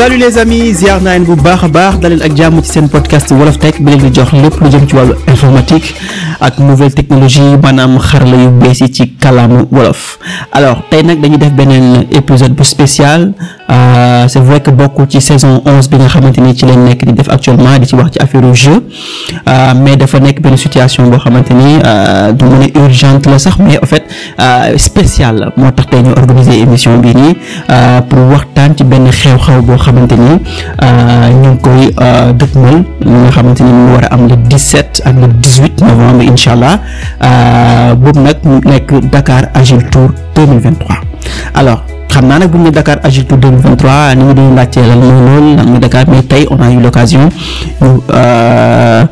salut les amis ziar naa leen bu baax a baax daleen ak jàmm ci seen podcast wolof tech bi leen di jox lépp lu jëm ci wàllu informatique ak nouvelle technologie maanaam xarala yu bees yi ci kàllaama wolof alors tey nag dañuy def beneen épisode bu spécial Euh, c'est vrai que bokk ci saison onze bi nga xamante ni ci lañ nekk di def actuellement di ci wax ci affaire jeu euh, mais dafa nekk benn situation boo xamante ni euh, du mën a urgente la sax mais en fait spécial moo tax tey ñu organiser émission bii nii pour waxtaan ci benn xew-xew boo xamante ni ñu ngi koy dëgmal nga xamante ni mu war a am le 17 ak le 18 novembre incha allah boobu nag nekk Dakar Agile Tour 2023. alors xam naa nag bu ñu ne Dakar Agil'Tour 2023 ni ñu doon laajte lan mooy loolu lan mooy Dakar mais tey on a eu l'occasion euh,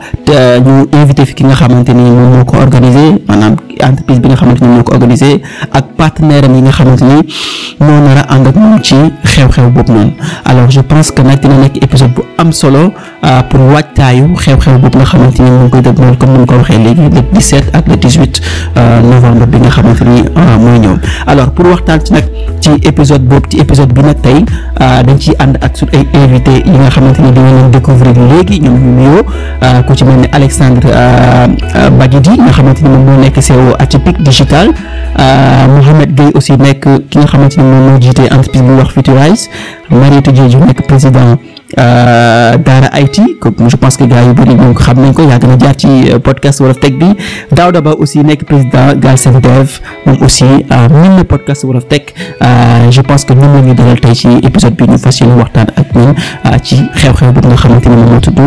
ñu invité fi ki nga xamante ni moom moo ko organisé maanaam. entreprise bi nga xamante ni ñoo ko organisé ak partenaire am yi nga xamante moo nar a ànd ak moom ci xew-xew boobu noonu alors je pense que nag dina nekk épisode bu am solo euh, pour waajtaayu xew-xew boobu nga xamante ni mu ngi koy déglu comme ni mu ko waxee léegi le 17 euh, euh, waxtaan ci nag ci épisode boobu ci épisode bi nag tey dañ ciy ànd ak suñu ay yi nga xamante ni dina leen léegi ñoom ñu nuyoo ku ci mel ni Alexandre Badjidi nga xamante moom moo nekk CEO réseau atypique digital euh, Mouhamed Gueye aussi nekk ki nga xamante ne moom moo jiite entreprise bu wax Futurize Mariétou Diédhiou nekk président Euh, Daara IT comme je pense que gars yu bëri ñoom xam nañ ko yàgg na jaar ci euh, podcast Wolof Tech bi Daouda Ba aussi nekk président Galsen Dev moom aussi euh, mën na podcast Wolof Tech je pense que ñun la ñu dalal tey ci épisode bi ñu fas yéene waxtaan ak ñun ci xew-xew bu nga xamante ni moom moo tudd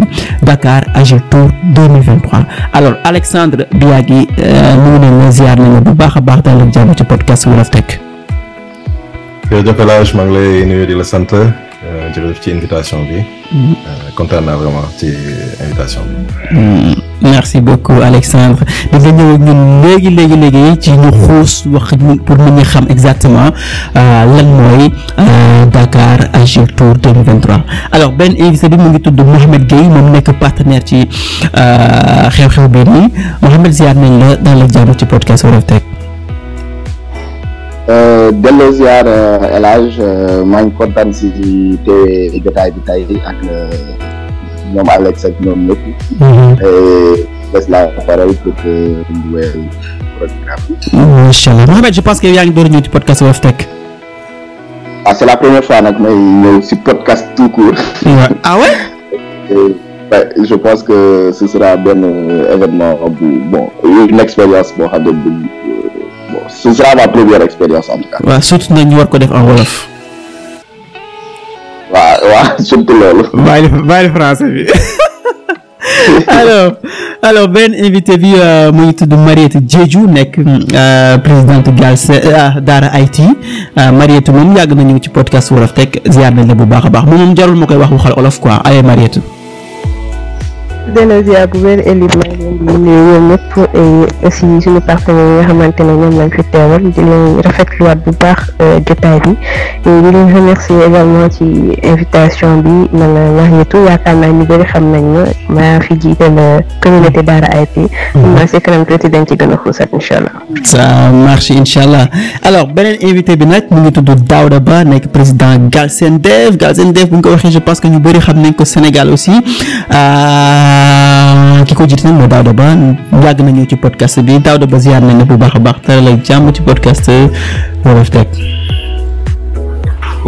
Dakar AgeTour 2023 alors Alexandre Biagui ñu ngi leen ziar nañu bu baax a baax daal ak jàmm ci podcast Wolof Tech. jërëjëf El Hadj sant. Euh, jërëjëf ci invitation bi. kontaan naa vraiment ci invitation bi. Mm-hmm. merci beaucoup Alexandre di nga ñëw léegi léegi léegi ci ñu xuus wax pour nit ñi xam exactement euh, lan mooy euh, Dakar Agir Tour 2023 alors benn invité bi mu ngi tudd Mouhamed Gueye moom nekk partenaire ci xew-xew bi nii Mouhamed ziar nañ la daal la jàmm ci podcast Wolof Tech Euh, delloo ziar euh, El Hadj euh, maa ngi si teewee jotaay bi tay ak ñoom Alex ak ñoom ñëpp. Mhm. laisse la parole pour que ñu wéyal programme bi. incha allah Mohamed je pense que yaa ngi door a ci podcast Wolof Tech. Ah, c'est la première fois nag may ñëw si podcast tout court. ah ouais. je pense que ce sera benn événement bu une expérience boo xam ne bu. bon ce sera ma première expérience en tout cas. waaw surtout nag ñu war ko def en wolof. waaw waaw bàyyi bàyyi français bi. alors alors benn invité bi euh, mu ngi tudd Mariette Diédhiou nekk euh, présidente Galsen euh, ah, Daara IT Mariette moom yàgg na ñëw ci podcast Wolof Tech ziar nañ la bu baax a baax moom moom jarul ma koy wax waxal olof quoi aywa Mariette. delloo ziar bu wér Elif maa ngi leen di nuyu ñoom ñëpp aussi suñu partenaires yi nga xamante ne ñoom lañ fi teewal di leen rafetluwaat bu baax jotaay bi di leen également ci invitation bi man wax ñu tout yaakaar naa ñu bëri xam nañ ma maa fi jiite la communauté Daara AIP. maa si kanam tuuti dañ ci gën a xuusaat incha allah. ça marche incha allah alors beneen invité bi nag mu ngi tudd Daouda Ba nekk président Galsen Dev Galsen Dev bu ñu ko waxee je pense que ñu bëri nañ ko Sénégal aussi. Euh, Euh, ki ko jiite nag moo Daouda Ba yàgg nañu ci podcast bi Daouda Ba ziar nañ la bu baax a baax tëral ak jàmm ci podcast Wolof Tech.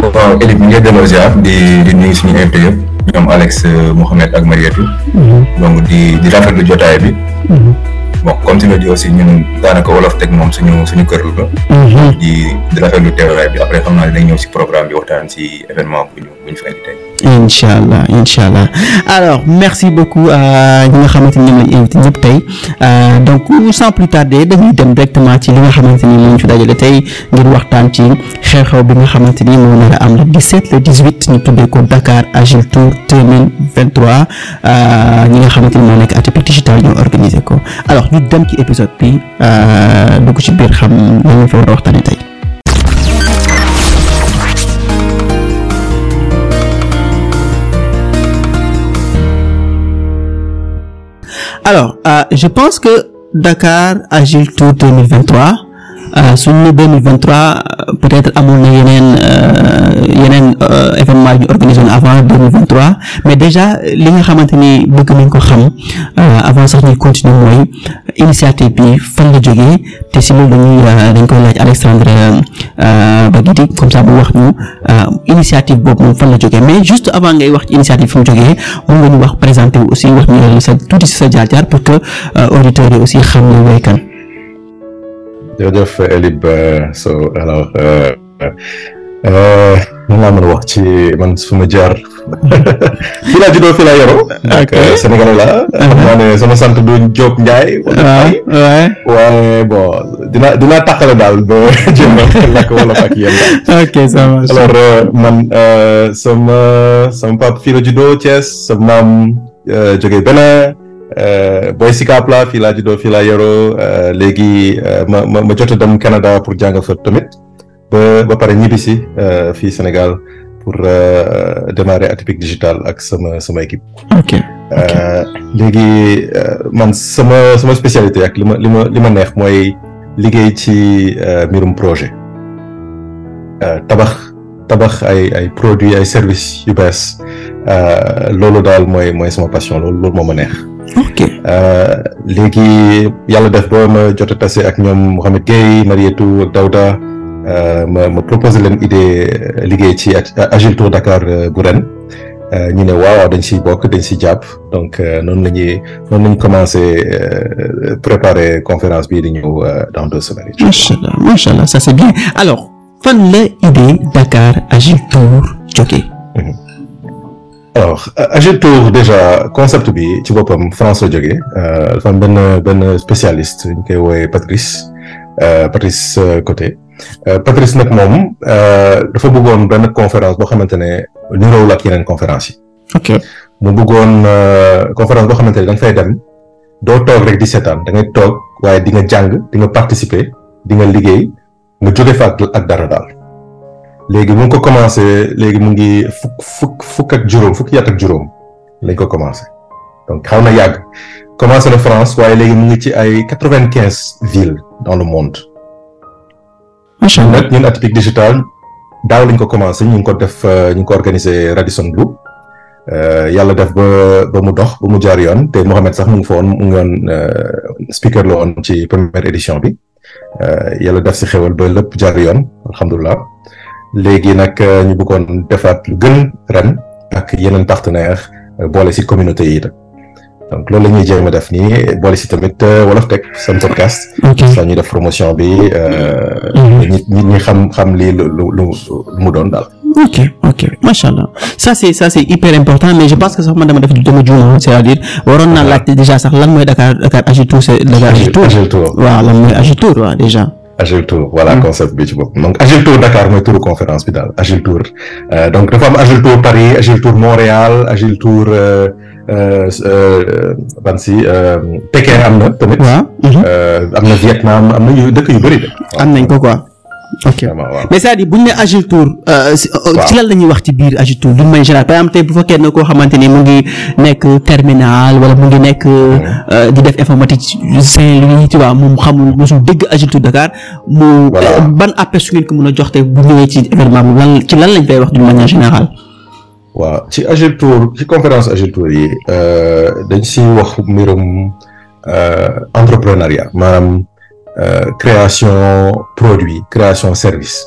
waaw Elif ñu ngi lay delloo ziar di di nuyu suñu invité yëpp ñoom Alex euh, Mouhamed ak Marietou. Mhm. donc di di rafetlu jotaay bi. Mhm. bon comme di aussi ñun daanaka Wolof moom suñu suñu kër la. Mhm. di di rafetlu teewaay bi après xam naa dinañ ñëw si programme bi waxtaan si événement bu ñu. une incha allah incha allah alors merci beaucoup ñi nga xamante ni ñoom la ñu invité ñëpp tey euh, donc sans plus tarder dem directement ci li nga xamante ni moo ñu tey ngir waxtaan ci xew-xew nga xamante ni moo nar a am ñu ko Dakar Agile Tour 2023 euh, ñi nga xamante ni moo nekk ATP digital ñoo organisé ko alors ñu dem ci épisode bi euh, dugg ci biir xam nañu fa war a waxtaanee tey. Alors, euh, je pense que Dakar Agile Tour Euh, suñu 2023 euh, peut-être amoon na yeneen euh, yeneen événement ñu organisé avant 2023 mais déjà li nga xamante ni bëgg nañ ko xam avant sax ñuy continuer mooy initiative bi fan la jógee te si loolu dañuy dañ koy laaj Alexandre Baguiti comme ça bu wax ñu initiative boobu moom fan la jógee mais juste avant ngay wax ci initiative fu mu jógee mën nga ñu wax présenter aussi wax si sa jaar-jaar que auditeur yi aussi xam nga wéykan jërëjëf Elib euh, so alors lan euh, euh, laa mën a wax ci man suma ma jaar fii laa juddoo fii laa la. Uh-huh. xam sama sant du Diop Ndiaye. waaw waay ah, waaye bon dinaa dinaa tàqale daal ba jéem a lakk wala ak yéen ok sama sama papa fii la juddoo Thiès sama Euh, booy Sicap la fii laa juddoo fii laa yaroo euh, léegi euh, ma ma ma jot a dem Canada pour jàng fa tamit ba ba pare ñibbisi fii Sénégal pour démarrer Atypique Digital ak sama sama équipe. ok léegi man sama sama spécialité ak li ma li ma li ma neex mooy liggéey ci mbirum projet tabax. tabax ay ay produits ay services yu bees loolu daal mooy mooy sama passion loolu loolu moo ma neex. ok euh, léegi yàlla def ba ma jot a tase ak ñoom Mouhamed Gueye Marietou ak Daouda euh, ma ma proposé leen idée euh, liggéey ci Agile Tour Dakar gu ren ñu ne waaw dañ siy bokk dañ siy jàpp donc noonu la ñuy noonu la commencé préparer conférence bii di ñëw dans deux semaines. macha allah macha allah ça c'est bien alors fan la idée Dakar Agile Tour jógee. alors euh, AGETOUR déjà concept bi ci boppam France la jógee euh, dafa am benn benn spécialiste ñu koy woowee Patrice euh, Patrice Côté Patrice nag moom dafa bëggoon benn conférence boo xamante ne niroowul ak yeneen conférence yi. ok mu bëggoon conférence boo xamante ne da nga dem doo toog rek di seetaan da ngay toog waaye di nga jàng di nga participer di nga liggéey nga jóge fa ak dara daal. léegi mu ngi ko commencé léegi mu ngi fukk fukk fukk ak juróom fukki at ak juróom lañ ko commencé donc xaw na yàgg commencé na France waaye léegi mu ngi ci ay quatre-vingt-quinze villes dans le monde. macha allah nag ñun Atypique Digital daaw lañ ko commencé ñu ngi ko def euh, ñu ngi ko organisé Radisson euh, yàlla def ba ba mu dox ba mu jaar yoon te Mohamed sax mu ngi fa woon mu ngi woon euh, speaker la woon ci première édition bi yàlla def si xewal ba lépp jaar yoon alhamdulilah. léegi nag euh, ñu buggoon defaat lu gën ren ak yeneen partenaire euh, boole si communauté yi itam donc loolu la ñuy jéem a def nii boole si tamit euh, Wolof Tech seen podcast. ok saa def promotion bi. ñi mhm. ñi xam xam lii lu lu lu mu doon daal. ok ok macha allah ça c'est ça c'est hyper important mais je pense que sax man dama def dama juumoo c'est-à-dire waroon naa laajte déjà sax lan mooy Dakar Dakar Agitour Dakar Agitour waaw lan mooy Agitour waaw déjà. Agile Tour voilà mm. concept bi ci bopp donc Agile Tour Dakar mooy turu conférence bi daal Agile Tour euh, donc dafa am Agile Tour Paris Agile Tour Montréal Agile Tour euh, euh, ban si Pékin am na tamit. am na Vietnam am na yu dëkk yu bëri de. am nañ ko quoi. ok mais cest à bu ñu ne Agile Tour. Euh, euh, ci lan la ñuy wax ci biir Agile Tour du may général par exemple tey bu fekkee ne koo xamante ni mu ngi nekk terminal wala mu ngi nekk euh, di def informatique Saint-Louis tu vois moom xamul mosul dégg Agile Tour Dakar. mu ban aperçu ngeen ko a jox tey ci événement bi lan ci lan lañ koy wax d'une manière générale. waaw ci Agile Tour ci conférence Agile Tour yi dañ siy wax mbirum entrepreneuriat maanaam. Euh, création produit création service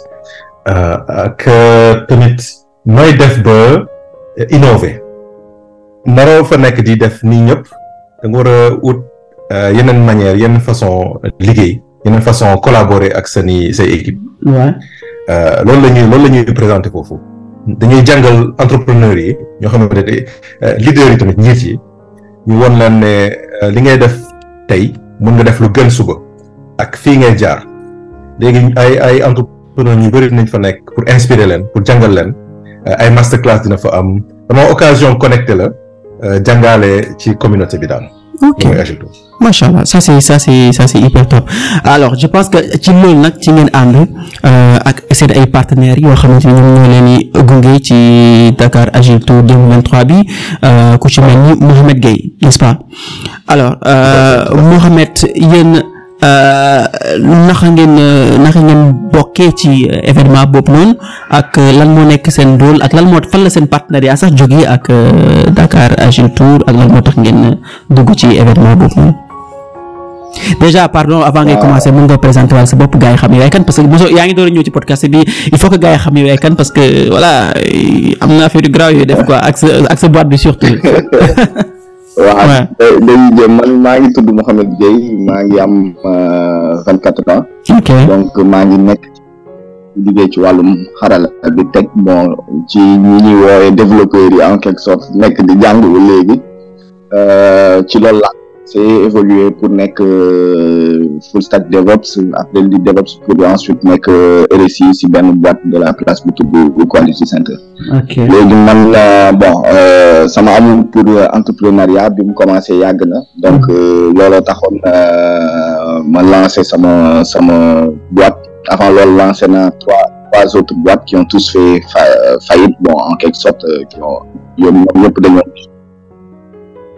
ak euh, euh, tamit nooy def ba innover naroo fa nekk di def ni ñëpp da nga war a ut yeneen manière yeneen façon liggéey yeneen façon collaborer ak sani say équipe loolu lañuy ñuy loolu la ñuy présenter foofu dañuy jàngal entrepreneurs yi ñoo xamante ne leaders yi tamit njiit yi ñu won leen ne li ngay def tey mën nga def lu gën suba ak fii ngay jaar léegi ay ay entrepreneur ñu bëri nañ fa nekk pour inspirer leen pour jàngal leen euh, ay master class dina fa am dama occasion connecté la euh, jàngaale ci communauté bi daal. ok macha allah ça c'est ça c'est ça c'est que ci loolu nag ci ngeen ànd euh, ak seen ay partenaires yoo ni ñoom ci Dakar Agile Tour 2023 bi ku ci mel ni Mohamed Gueye nest pas alors Mohamed yéen. Euh, naka ngeen euh, naka ngeen bokkee ci euh, événement boobu noonu ak lan moo nekk seen rôle ak lan moo fan la seen partenariat sax jógee ak Dakar Agile Tour ak lan moo tax ngeen dugg ci événement boobu noonu. déjà pardon avant ngay commencer mën nga présenter wàll sa bopp gars xam yow ay kan parce que mosoo yaa ngi door a ñëw ci podcast bi il faut que gars xam yow ay kan parce que voilà am na affaire yu grave yooyu def quoi ak sa ak bi surtout. waaw léegi man maa ngi tudd Mouhamed Gueye maa ngi am euh, vingt quatre ans donc maa ngi nekk ci liggéey ci wàllum xarala bi teg bon ci ñi ñuy woowee yi en quelque sorte nekk di jàng ba léegi euh, ci loolu c'est évolué pour nekk euh, full stack DevOps après di DevOps pour ensuite nekk RSI euh, si benn boîte de la place bu tudd Quality Center. ok léegi man euh, bon sama amul pour entrepreneuriat bi mu commencé yàgg na donc mm-hmm. looloo taxoon ma lancé sama sama boîte avant loolu lancé na trois trois autres boîtes qui ont tous fait faillite bon en quelque sorte qui ont ñoom ñëpp dañoo.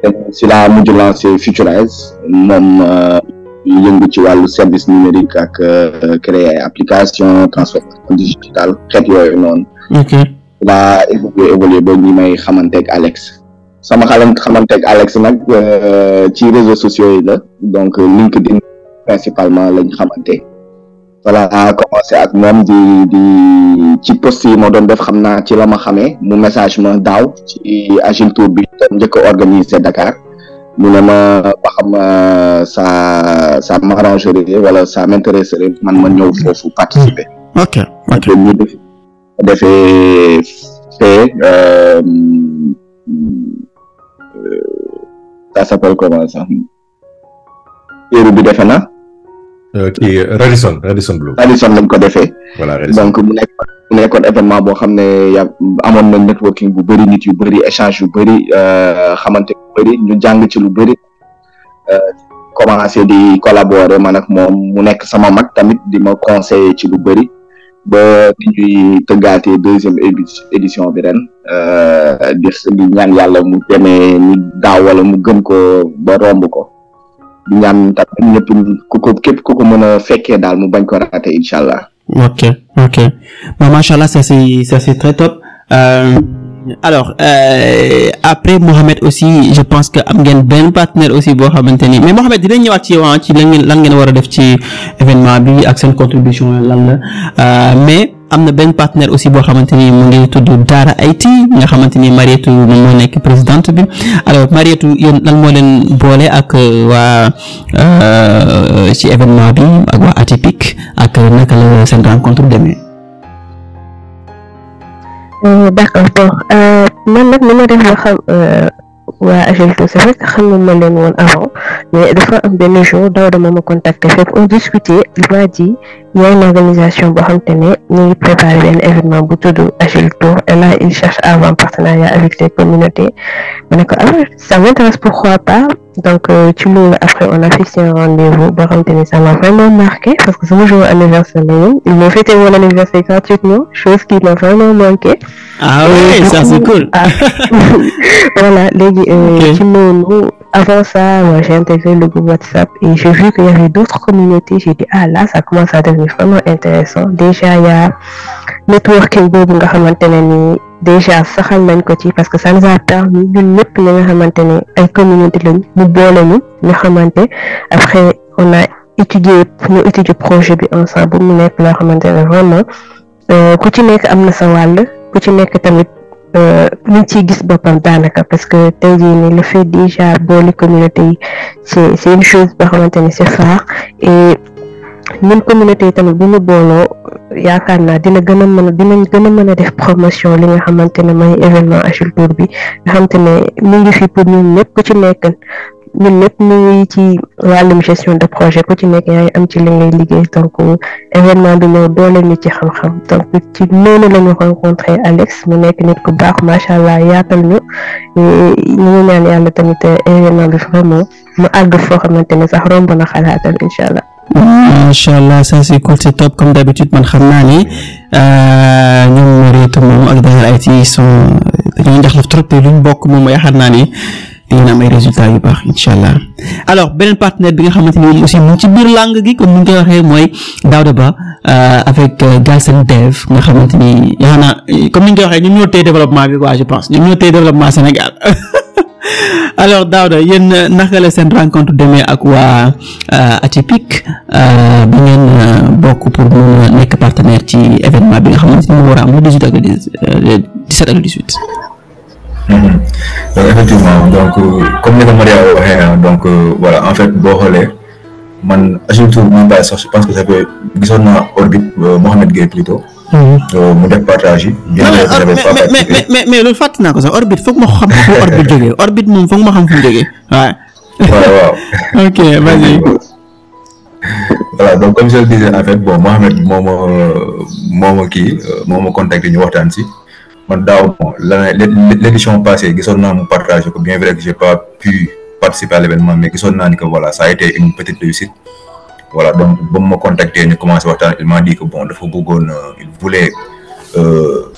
Euh, si laa mujj lancé Futurize moom euh, yëngu ci wàllu service numérique ak euh, créer ay application transformation digitale xeet yooyu noonu laa évolué évolué ba ñi may Alex sama xalan xamanteeg Alex nag ci réseaux sociaux yi la donc LinkedIn principalement lañ xamante voilà commencé ak moom di di ci post yi moo def xam naa ci la ma xamee mu message ma daaw ci agile bi njëkk a organisé Dakar mu ne ma ba xam euh, ça ça wala ça m'intéresserait man ma ñëw foofu participer. Hmm. ok ok ñu defee fee euh, euh, ça bi defe na. kii euh, Radisson Radisson Blu. ko defee. voilà Radisson donc nekk mu nekkoon événement boo xam ne ya amoon na networking bu bëri nit yu bëri échange yu bëri euh, xamante bu bëri ñu jàng ci lu bëri. Euh, commencé di collaborer man ak moom mu nekk sama mag tamit di ma conseiller ci lu bëri ba ni ñuy tëggaatee deuxième édition bi ren di di ñaan yàlla mu demee ni wala mu gën ko ba romb ko. di ñaan tamit ñëpp ku ko képp mën a fekkee daal mu bañ ko raté incha allah. ok ok bon allah ça c'est très top. Euh, alors euh, après Mohamed aussi je pense que am ngeen benn partenaire aussi boo xamante ni mais Mohamed dinañ ñëwaat ci yow ah, ci lan ngeen lan ngeen war a def ci événement bi ak seen contribution lan la euh, mais am na benn partenaire aussi boo xamante ni mu ngi tudd Daara IT nga xamante ni Marietou moom moo nekk présidente bi alors Marietou yéen lan moo leen boole ak euh, waa euh, ci événement bi ak waa Atypique ak naka la seen rencontre demee. d'accord bon euh, man nag ni ma def ba xam euh, waa agence de service xam nga ma leen woon avant mais dafa am benn jour daw dama ma contacté fekk on discuté waa ji yaay une organisation boo xam te ne ñu ngi préparé benn événement bu tudd Agilto et a il cherche avant partenariat avec les communautés ma ne ko alors ah, ça m'intéresse pourquoi pas donc ci euh, loolu après on a rendez-vous boo xamante ni m'a vraiment marqué parce que sama jour anniversaire la woon ils m'ont fêté mon gratuitement chose qui m'a vraiment manqué. ah oui c'est cool. Ah, voilà euh, avant ça j'ai intégré le groupe WhatsApp et j'ai vu qu'il y avait d'autres communautés j'ai dit ah là ça commence à devenir vraiment intéressant déjà il y a networking boobu nga xamante ne déjà saxal nañ ko ci parce que ça nous a permis ñun xamante ne ay communauté lañ ñu boole ñu ñu xamante après on a étudié ñu étudier projet bi ensemble mu nekk loo xamante ne vraiment euh, ku ci nekk am na sa wàll ku ci nekk tamit euh, ñu ciy gis boppam daanaka parce que tey jii nii le fait déjà boole communauté yi c'est une chose boo xamante ne c'est phare et ñun communauté tamit bu ñu booloo yaakaar naa dina gën a mën a gën a a def promotion li nga xamante ne mooy événement Agile Tour bi nga xamante ne mu ngi fi pour ñun ci nekk ñun ñëpp ñu ci wàllum gestion de projet ci nekk yaa am ci li ngay liggéey donc événement bi ñëw doole ñu ci xam-xam donc ci noonu la ñu Alex mu nekk nit ku baax macha allah yaatal ñu ñu ngi ñaan yàlla tamit événement bi vraiment mu àgg foo xamante ne sax romb na xalaatam incha allah. macha allah ça c'est cool c'est top comme d'habitude man xam naa ni euh, ñoom Mariétou moom ak Daniel Aïti sont dañuy jaxlaf trop luñ bokk moom yaakaar naa ni di ngeen am ay résultats yu baax incha allah alors beneen partenaire bi nga xamante ni moom aussi mu ci biir langue gi comme ni nga ko waxee mooy Daouda Ba euh, avec euh, Galsen Dev nga xamante ni yaakaar naa comme ni nga ko waxee ñoom ñoo téye développement bi quoi je pense ñoom ñoo téye développement Sénégal. alors Daouda yéen euh, naka la seen rencontre demee ak waa euh, Atypique euh, ba ngeen bokk pour mun nekk partenaire ci événement bi nga xamante ni mu war a am le 18 ak ak le 18. donc mm-hmm. effectivement donc comme ni ko Maria waxee donc voilà en fait boo xoolee man agriculture bi ñu que ça fait gisoon Mm-hmm. Euh, mu def partage yi. mais mais mais loolu fàtt naa ko sax orbite foog ma xam fu orbite jógee orbite moom foog ma xam fu mu jógee waaw. waaw ok vas-y. voilà donc comme je le disais en fait bon Mohamed moo ma moo ma kii euh, moo ma contacté ñu waxtaan si man daaw bon l' édition passée gisoon naa mu partagé ko bien vrai que j'ai pas pu participer à l' événement mais gisoon naa ni que voilà ça a été une petite réussite. voilà donc ba mu ma contacté ñu commencé waxtaan il m'a dit que bon dafa bëggoon euh, il voulait euh,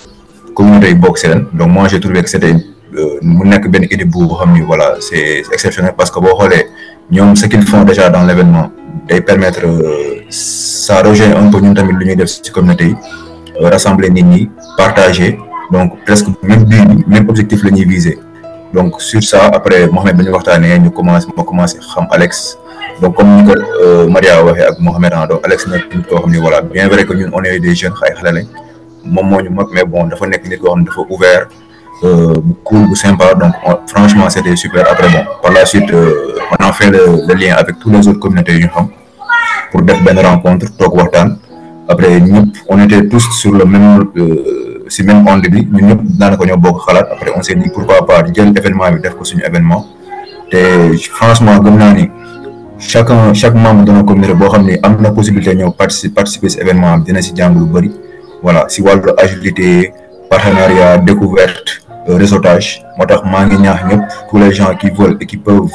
communauté yi bokk seen donc moi j'ai trouvé que c'était euh, mu nekk benn idée bu xam ni voilà c'est exceptionnel parce que boo xoolee ñoom ce qu'ils font déjà dans l'événement day permettre ça rejoint un peu tamit lu ñuy def ci communauté yi rassembler nit ñi partager donc presque même but objectif la ñuy viser donc sur ça après Mohamed ba ñu waxtaanee ñu commencé ma commencé xam Alex donc comme ni ko euh, Maria waxee ak Mohamed ah donc Alex nag nit koo xam ni voilà bien vrai que ñun on est des jeunes ay xale lañ moom moo ñu mag mais bon dafa nekk nit koo ne dafa ouvert euh, bu cool bu sympa donc franchement c'était super après bon par la suite euh, on a fait le lien avec tous les autres communautés yu ñu xam pour def benn rencontre toog waxtaan après ñëpp on était tous sur le même si même onde bi ñun ñëpp daanaka ñoo bokk xalaat après on s'est dit pourquoi pas jël def ko suñu événement te franchement gëm naa chacun chaque membre de la communauté boo xam ne am na possibilité ñëw participer participer si événement bi dina si jàng lu bëri voilà si wàllu agilité partenariat découverte euh, réseautage moo tax maa ngi ñaax ñëpp tous les gens qui veulent et qui peuvent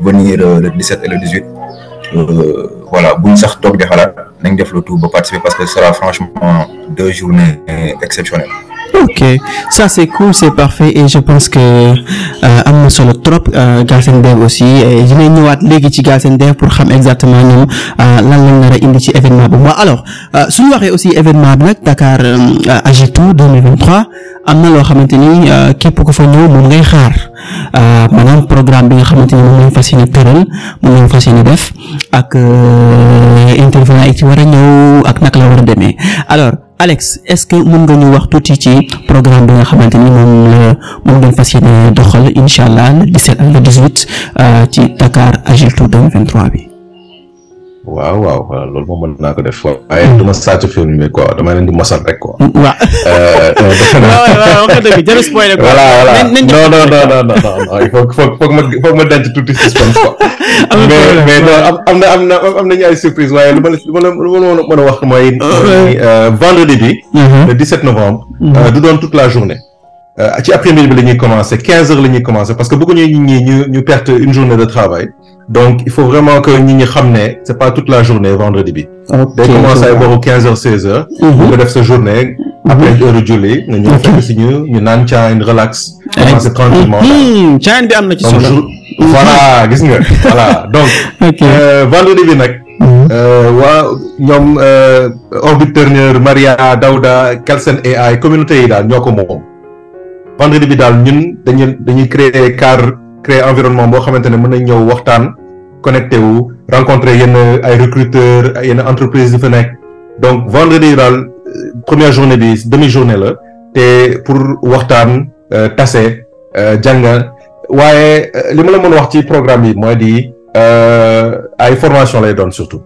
venir euh, le 17 et le 18 euh, voilà buñ sax toog di xalaat nañ def le tout ba participer parce que ce sera franchement deux journées exceptionnelles ok ça c'est cool c'est parfait et je pense que euh, am na solo trop euh, Galsen Dev aussi dinañ ñëwaat léegi ci Galsen Dev pour xam exactement ñoom euh, lan lañ nar indi ci événement boobu alors suñu waxee aussi événement bi nag Dakar Agitou 2023 am na loo xamante ni képp ku fa ñëw moom ngay xaar maanaam programme bi nga xamante ni moom lañ fas yéene tëral moom lañ fas yéene def ak intervenant yi ci war a ñëw ak naka la war a demee Alex est-ce que mën nga ñu wax tuuti ci programme bi nga xamante ni moom la moom lañ fas yéene doxal incha allah le 17 ak le 18 euh, ci Dakar Agile Tour 2023 bi. waaw waaw loolu moom mën naa ko def waaye du ma sàcc film bi quoi damay leen di mosal rek ko mm, waaw. waaw euh, wax dëgg James Boy rek. voilà voilà non non non non non il faut foog foog ma foog ma denc tuuti suspense quoi. mais mais non am na am na am nañu ay surprise waaye lu ma lu ma mën a wax mooy. Euh, vendredi bi. Mm-hmm. le 17 novembre. Mm-hmm. Euh, du doon toute la journée. Euh, ci après-midi bi la commencer quinze heures la commencer parce que bëgguñu nit ñi ñu ñu perte une journée de travail donc il faut vraiment que ñi ñi xam ne c'est pas toute la journée vendredi bi. ok day commencer ay booru quinze heures heures. nga mhm. def sa journée. Mhm. après heure julli nga ñëw fekk si ñu ñu naan caañ relax. commencer tranquillement mhm. caañ bi am na ci solo. voilà gis nga voilà donc. ok euh, vendredi bi nag. Euh, waa ñoom Orbit Turner Maria Dawda Kalsen e communauté yi daal ñoo ko moom. vendredi bi daal ñun dañuy dañuy créer cadre créer environnement boo xamante ne mën nañ waxtaan connecté wu rencontrer yenn ay recruteurs yenn entreprise yu fa nekk donc vendredi daal euh, première journée bi demi journée la te pour waxtaan euh, tase euh, jànga waaye li ma la mën wax ci programme yi mooy di ay formation lay doon surtout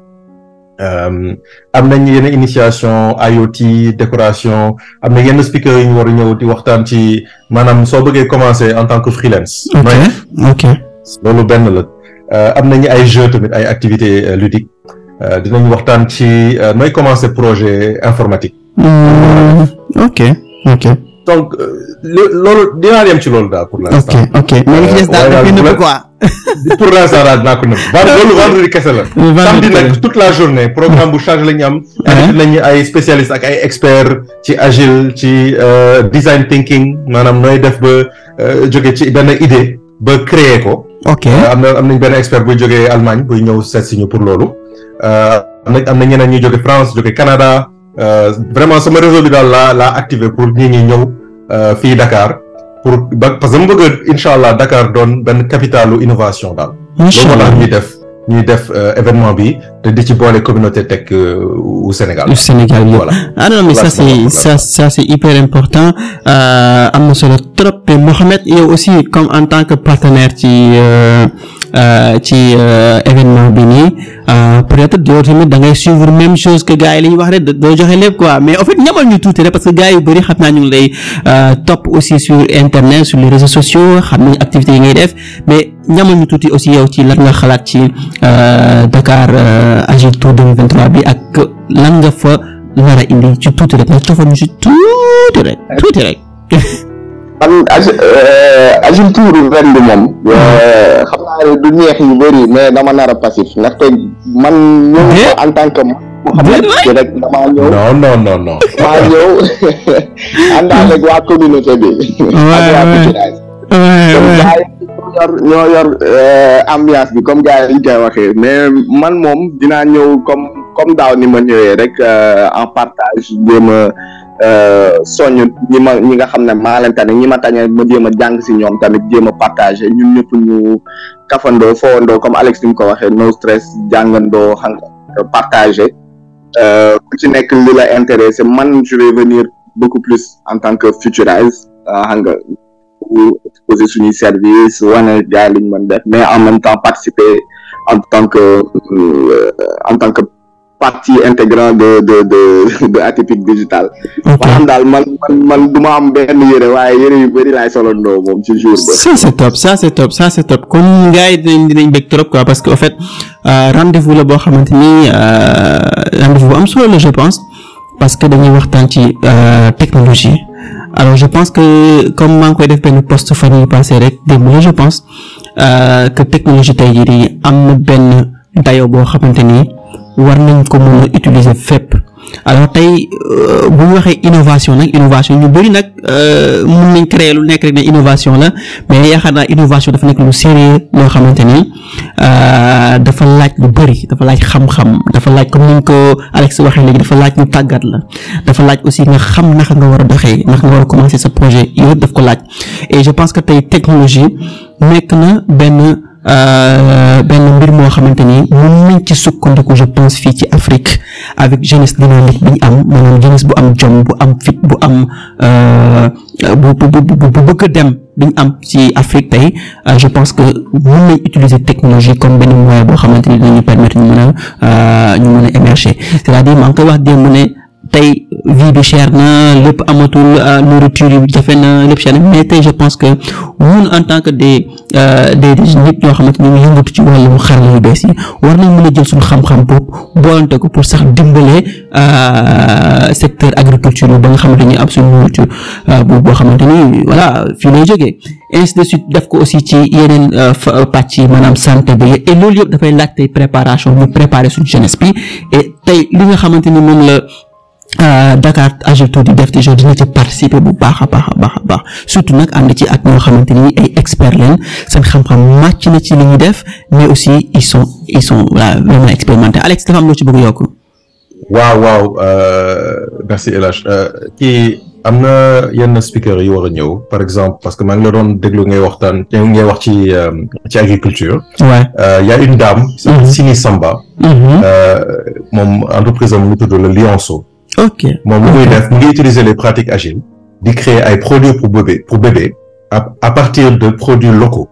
Euh, am nañu yenn initiation IoT décoration am na yenn speaker yu ñu war a ñëw di waxtaan ci maanaam soo bëggee commencer en tant que freelance. ok ok loolu benn la euh, am nañu ay jeux tamit ay activités euh, ludiques dinañ waxtaan ci nooy commencer projet informatique. Hmm, ok ok. donc euh, loolu dinaa dem ci loolu daa pour l'instant. ok ok euh, mais quoi. pour l'instant daal dinaa ko nëbb. ok loolu vendredi kese la. samedi toute la journée. programme bu chargé la am. invité ah. nañu ay spécialistes ak ay experts ci agile ci euh, design thinking maanaam nooy def ba jóge ci benn idée ba créer ko. ok am na am nañ benn expert buy jógee Allemagne buy ñëw seet ñu pour loolu. am na am na ñeneen ñuy jóge France jóge Canada. Euh, vraiment sama réseau bi daal laa laa pour ñi ngi ñëw euh, fii Dakar pour ba mu bëgg a allah Dakar doon benn capitalu innovation daal. moo def ñuy def euh, événement bi te di ci boole communauté tech au Sénégal. au Sénégal voilà. ah non solo trop Mohamed yow aussi comme en tant que partenaire ci. Euh, ci euh, événement bi nii euh, peut-être yow tamit da ngay suivre même chose que gars yi li ñu wax rek doo joxe lépp quoi mais en fait ñamal ñu tuuti rek parce que gars yu bëri xam naa ñu ngi lay topp aussi sur internet sur les réseaux sociaux xam nañ activité yi ngay def mais ñamal ñu tuuti aussi yow ci lan nga xalaat ci Dakar Agitour 2023 bi ak lan nga fa nar a indi ci tuuti rek nga tuuti rek tuuti rek. man agriculture euh, ren bi moom euh, xam naa du ñeex yu bëri mais dama nar a passif ndaxte man ñëw en tant que Mouhamed rek damaa ñëw non non non non maa ñëw waa communauté bi comme ñoo yor ñoo yor euh, ambiance bi comme gars yi liñ waxee mais man moom dinaa ñëw comme comme daaw ni ma ñëwee rek en partage jéem Euh, soññ ñi ma ñi nga xam ne maa ñi ma tane ma jéem a jàng si ñoom tamit jéem a partagé ñun ñëpp ñu kafandoo fowandoo comme Alex ni mu ko waxee no stress jàngandoo partager partagé euh, ku ci nekk li intéressé man je vais venir beaucoup plus en tant que Futurize euh, xam nga exposer suñuy service wane gars liñ mën def mais en même temps participer en tant que en tant que partie intégrante de de digital. maanaam man man man du ma am benn yére waaye yére yu bëri laay solandoo moom ci jour ba. ça c'est top dinañ dinañ trop quoi parce que en fait euh, rendez la boo xamante ni euh, rendez bu am solo la je pense parce que dañuy waxtaan ci euh, technologie. alors je pense que comme maa ngi koy def benn post fan yi passé rek démb la je pense que technologie tey jii am na benn dayo boo xamante ni. war nañ ko mën a utiliser fépp alors tey euh, bu mu waxee innovation nag innovation ñu bëri nag euh, mun nañ créer lu nekk rek ne innovation la mais yaakaar naa innovation dafa nekk lu sérieux loo xamante ni euh, dafa laaj lu bëri dafa laaj xam-xam dafa laaj comme ni ñu ko Alex waxee léegi dafa laaj ñu tàggat la dafa laaj aussi nga xam naka nga war a doxee naka nga war a commencer sa projet yooyu daf ko laaj et je pense que tey technologie nekk na benn. Euh, benn mbir moo xamante ni mën nañ ci sukkandiku je pense fii ci Afrique avec jeunesse dynamique bi ñu am maanaam bu am jom bu am fit bu am euh, bu bu bu bëgg dem bi am ci Afrique tey euh, je pense que mën nañ utiliser technologie comme benn moyen boo xamante ni dinañu permettre ñu mën a ñu a émerger c'est-à-dire maa koy wax démb ne tey vie bi cher na lépp amatul euh, nourriture yi jafe na lépp cher na mais tey je pense que ñun en tant que des euh, des nit ñoo xamante ni ñu yëngatu ci wàllu xarala yu bees yi war nañ mën a jël suñu xam-xam ko pour sax dimbale euh, secteur agriculture bi ba nga xamante ni am suñu nourriture boobu boo xamante ni voilà fii lay jógee ainsi de suite def ko aussi ci yeneen pàcc yi maanaam santé bi et loolu préparation ñu préparer suñu jeunesse bi moom la Euh, Dakar Agilto di def ci genre dina ci participer bu baax a baax a baax a baax surtout nag ànd ci ak ñoo xamante ni ay experts leen seen xam-xam màcc na ci li ñuy def mais aussi ils sont vraiment expérimentés Alex dafa am ci bëgg yokk. waaw waaw euh, merci El euh, kii am na yenn speaker yi war a ñëw par exemple parce que maa ngi la doon déglu ngay waxtaan ngay wax ci ci agriculture. waaw y a une dame. Mm-hmm. Sini Samba. Mm-hmm. moom entreprise am mu tudd Lionceau. ok moom lu muy def mu ngi utiliser les pratiques agiles di créer ay produits pour bébé pour bébé à, à partir de produits locaux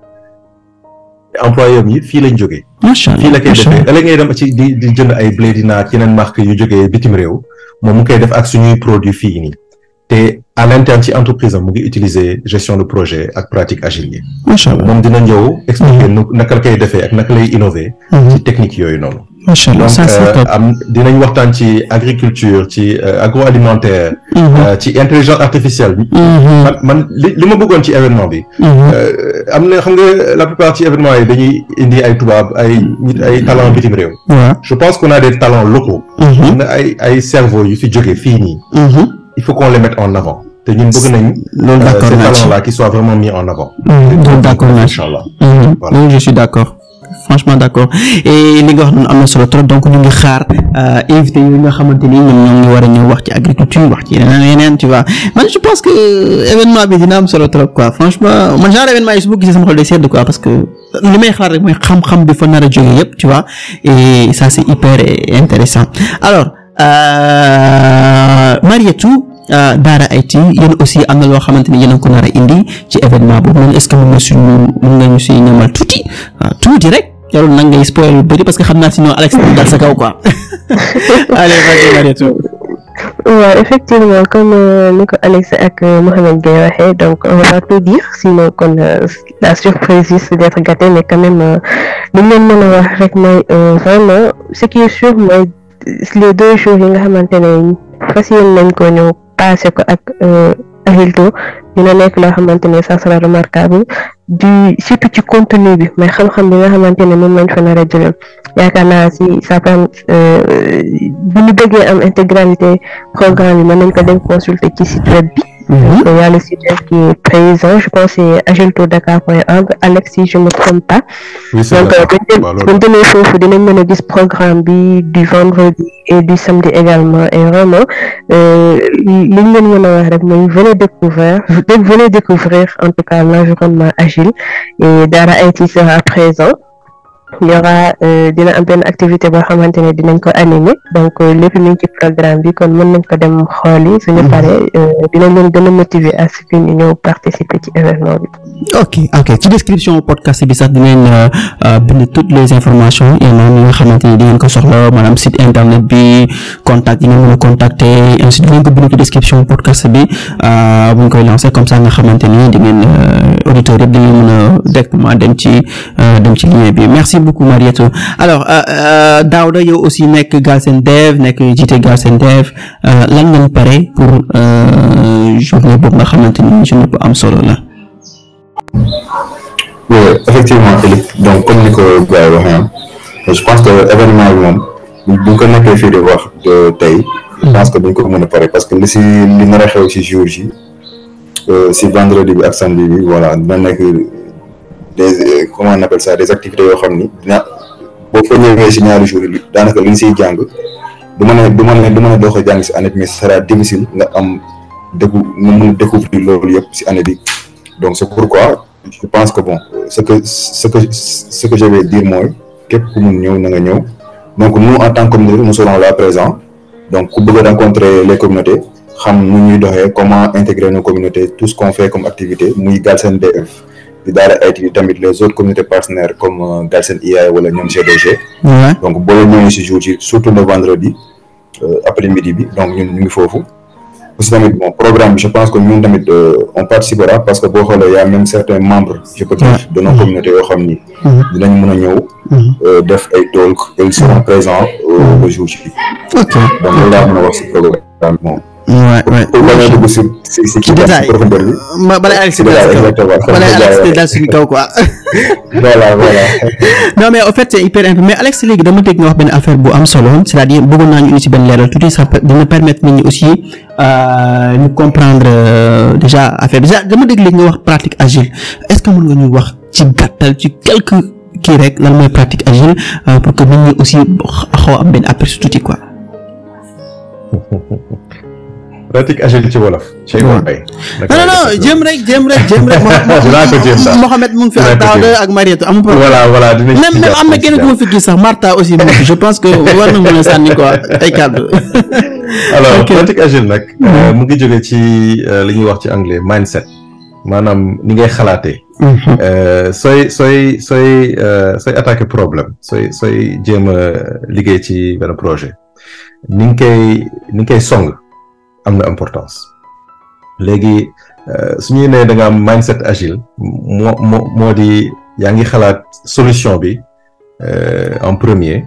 employeur yi fii lañ jógee. fii la koy defee da ngay dem ci di di jënd ay Blédina ak yeneen marques yu jógee bitim réew moom mu koy def ak suñuy produits fii nii te à l'interne ci entreprise am mu ngi utiliser gestion de projet ak pratique agile yi. macha allah moom dina ñëw expliquer naka la koy defee ak naka lay innover. Mhm. ci technique yooyu noonu. macha allah donc euh, am dinañ waxtaan ci agriculture ci euh, agroalimentaire. Mhm. Euh, ci intelligence artificielle. Mhm. man man li li ma bëggoon ci événement bi. Mhm. am na xam la plupart ci événement yi dañuy indi ay tubaab ay ay talent bitim réew. je pense qu'on a des talents locaux. ay ay cerveau yu fi jóge fii nii. il faut qu'on les mette en avant. te ñun bëgg nañ loolu d'accord ces talents là qui soient vraiment mis en avant. loolu d'accord incha allah. voilà je suis d'accord. franchement d'accord et li nga wax noonu am na solo trop donc ñu ngi xaar euh, invité yooyu nga xamante ni ñoom ñoo ngi war a ñëw wax ci agriculture wax ci yeneen yeneen tu vois man je pense que euh, événement bi solo trop quoi franchement man genre événement yi su ma gisee sama xol day sedd quoi parce que euh, li may xalaat rek a jógee ni a ko nar a indi ci jarul nag ngay spoil lu parce que xam naa sinon Alex dina dal sa kaw quoi. allez vas-y effectivement comme euh, ni ko Alex ak euh, Mohamed Gueye waxee donc on va tout dire sinon kon euh, li nga xamante ne fas yéene ko ñëw passé ko ak dina nekk loo xamante sa ça sera remarquable di surtout ci contenu bi mais xam-xam bi nga xamante ne moom lañ fa nar a jëlal yaakaar naa si ça peut euh, bu ñu bëggee am intégralité programme bi mën nañ ko dem consulter ci site bi. Mm-hmm. il y a le site web qui est présent je pense c'est ageltourdakar.org Alex si je me trompe pas donc euh, buñ demee foofu dinañ mën a gis programme bi du vendredi et du samedi également et vraiment euh, liñ leen mën a wax rek mooy venez découvrir venez découvrir en tout cas l'environnement agile et Dara IT sera présent il y aura euh, dina am benn activité boo xamante ne dinañ ko animer donc euh, lépp mi ngi ci programme bi kon mën nañ ko dem xooli suñu mhm. paree euh, dinañ leen gën a motiver à ce que ñu ñëw participer ci bi. ok ok ci description podcast bi sax dinañ bind toutes les informations yi nga xamante ni dinañ ko soxla maanaam site internet bi contact yi nga mën a contacter ainsi dinañ ko bind ci description podcast bi buñ koy lancer comme ça nga xamante ni di ngeen auditeurs yëpp dañuy mën a directement dem dem ci lien bi beaucoup Mariétou alors euh, euh, Daouda yow aussi nekk Galsen Dev nekk jiite Galsen Dev euh, lan lañ pare pour journée boobu nga xamante ni journée bu am solo la. effectivement Philippe donc comme ni ko gars yi waxee je que événement ko nekkee fii di wax tey. je mm. pense duñ ko mën a pare parce que li si li nar a xew si jour ji si vendredi bi ak samedi bi voilà dina nekk comment on appelle ça des activités yoo xam ni dina boo fa ñëwee si ñaari jours yi daanaka li ñu siy jàng du mën a du mën a a jàng si année bi mais ce sera difficile nga am décou nga mun découvrir loolu yëpp si année bi donc c'est pourquoi je pense que bon ce que ce que ce que je vais dire mooy képp ku mun ñëw na nga ñëw donc nous en tant que communauté nous serons là présents donc ku bëgg a les communautés xam nu ñuy doxee comment intégrer nos communautés tout ce qu'on fait comme activité muy Galsen di daal di ay tamit les autres communautés partenaires comme euh, Galsen IA wala ñoom CDG. donc boole ñooñu si jour ci surtout le vendredi euh, après midi bi donc ñun ñu ngi foofu. aussi tamit bon programme je pense que ñun tamit euh, on participera parce que boo xoolee y a même certains membres. je peux de nos mm-hmm. communautés yoo xam ni. Mm-hmm. dinañ mën a ñëw. Mm-hmm. def ay tool ils seront présents au jour ci. ok donc loolu laa mën a wax si programme waay waay pour bañ a dugg si si si ma balay Alex mais en fait c'est hyper dama dégg nga wax benn affaire bu am solo c'est-à-dire bëggoon naa ñu indi si benn leeral tuuti ça euh, euh, affaire bi déjà dama dégg léegi nga wax pratique agile est-ce que mën nga ñu wax ci gàttal ci quelque kii rek lan mooy pratique agile euh, pour que nit ñi aussi xaw am benn aperçu tuuti quoi. pratique agile ci wolof. ci non non jéem rek jéem rek jéem rek. dinaa ko fi ak Daouda ak Mariette voilà voilà dinañ ci am na kenn ku fi gis sax marta aussi je pense que war na mën sànni quoi ay kàddu. alors nag. Mhm. Euh, mu ngi jóge ci euh, li ñuy wax ci anglais mindset maanaam ni ngay xalaatee. Mhm. Euh, sooy sooy sooy sooy attaquer problème sooy sooy jéem a liggéey ci benn projet ni nga koy ni nga koy song. am na importance léegi euh, su ñu nee da nga am mindset agile moo moo moo di yaa ngi xalaat solution bi euh, en premier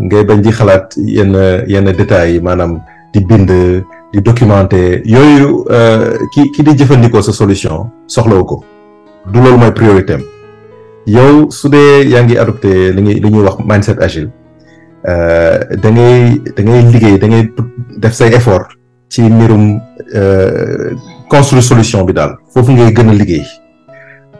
ngay bañ di xalaat yenn yenn détails yi maanaam di bind di documenter yooyu euh, ki ki di jëfandikoo sa solution soxlawu ko du loolu mooy priorité am yow su dee yaa ngi adopté li ñuy li ñuy wax mindset agile da ngay da liggéey da ngay def say effort ci mbirum euh, construire solution bi daal foofu ngay gën a liggéey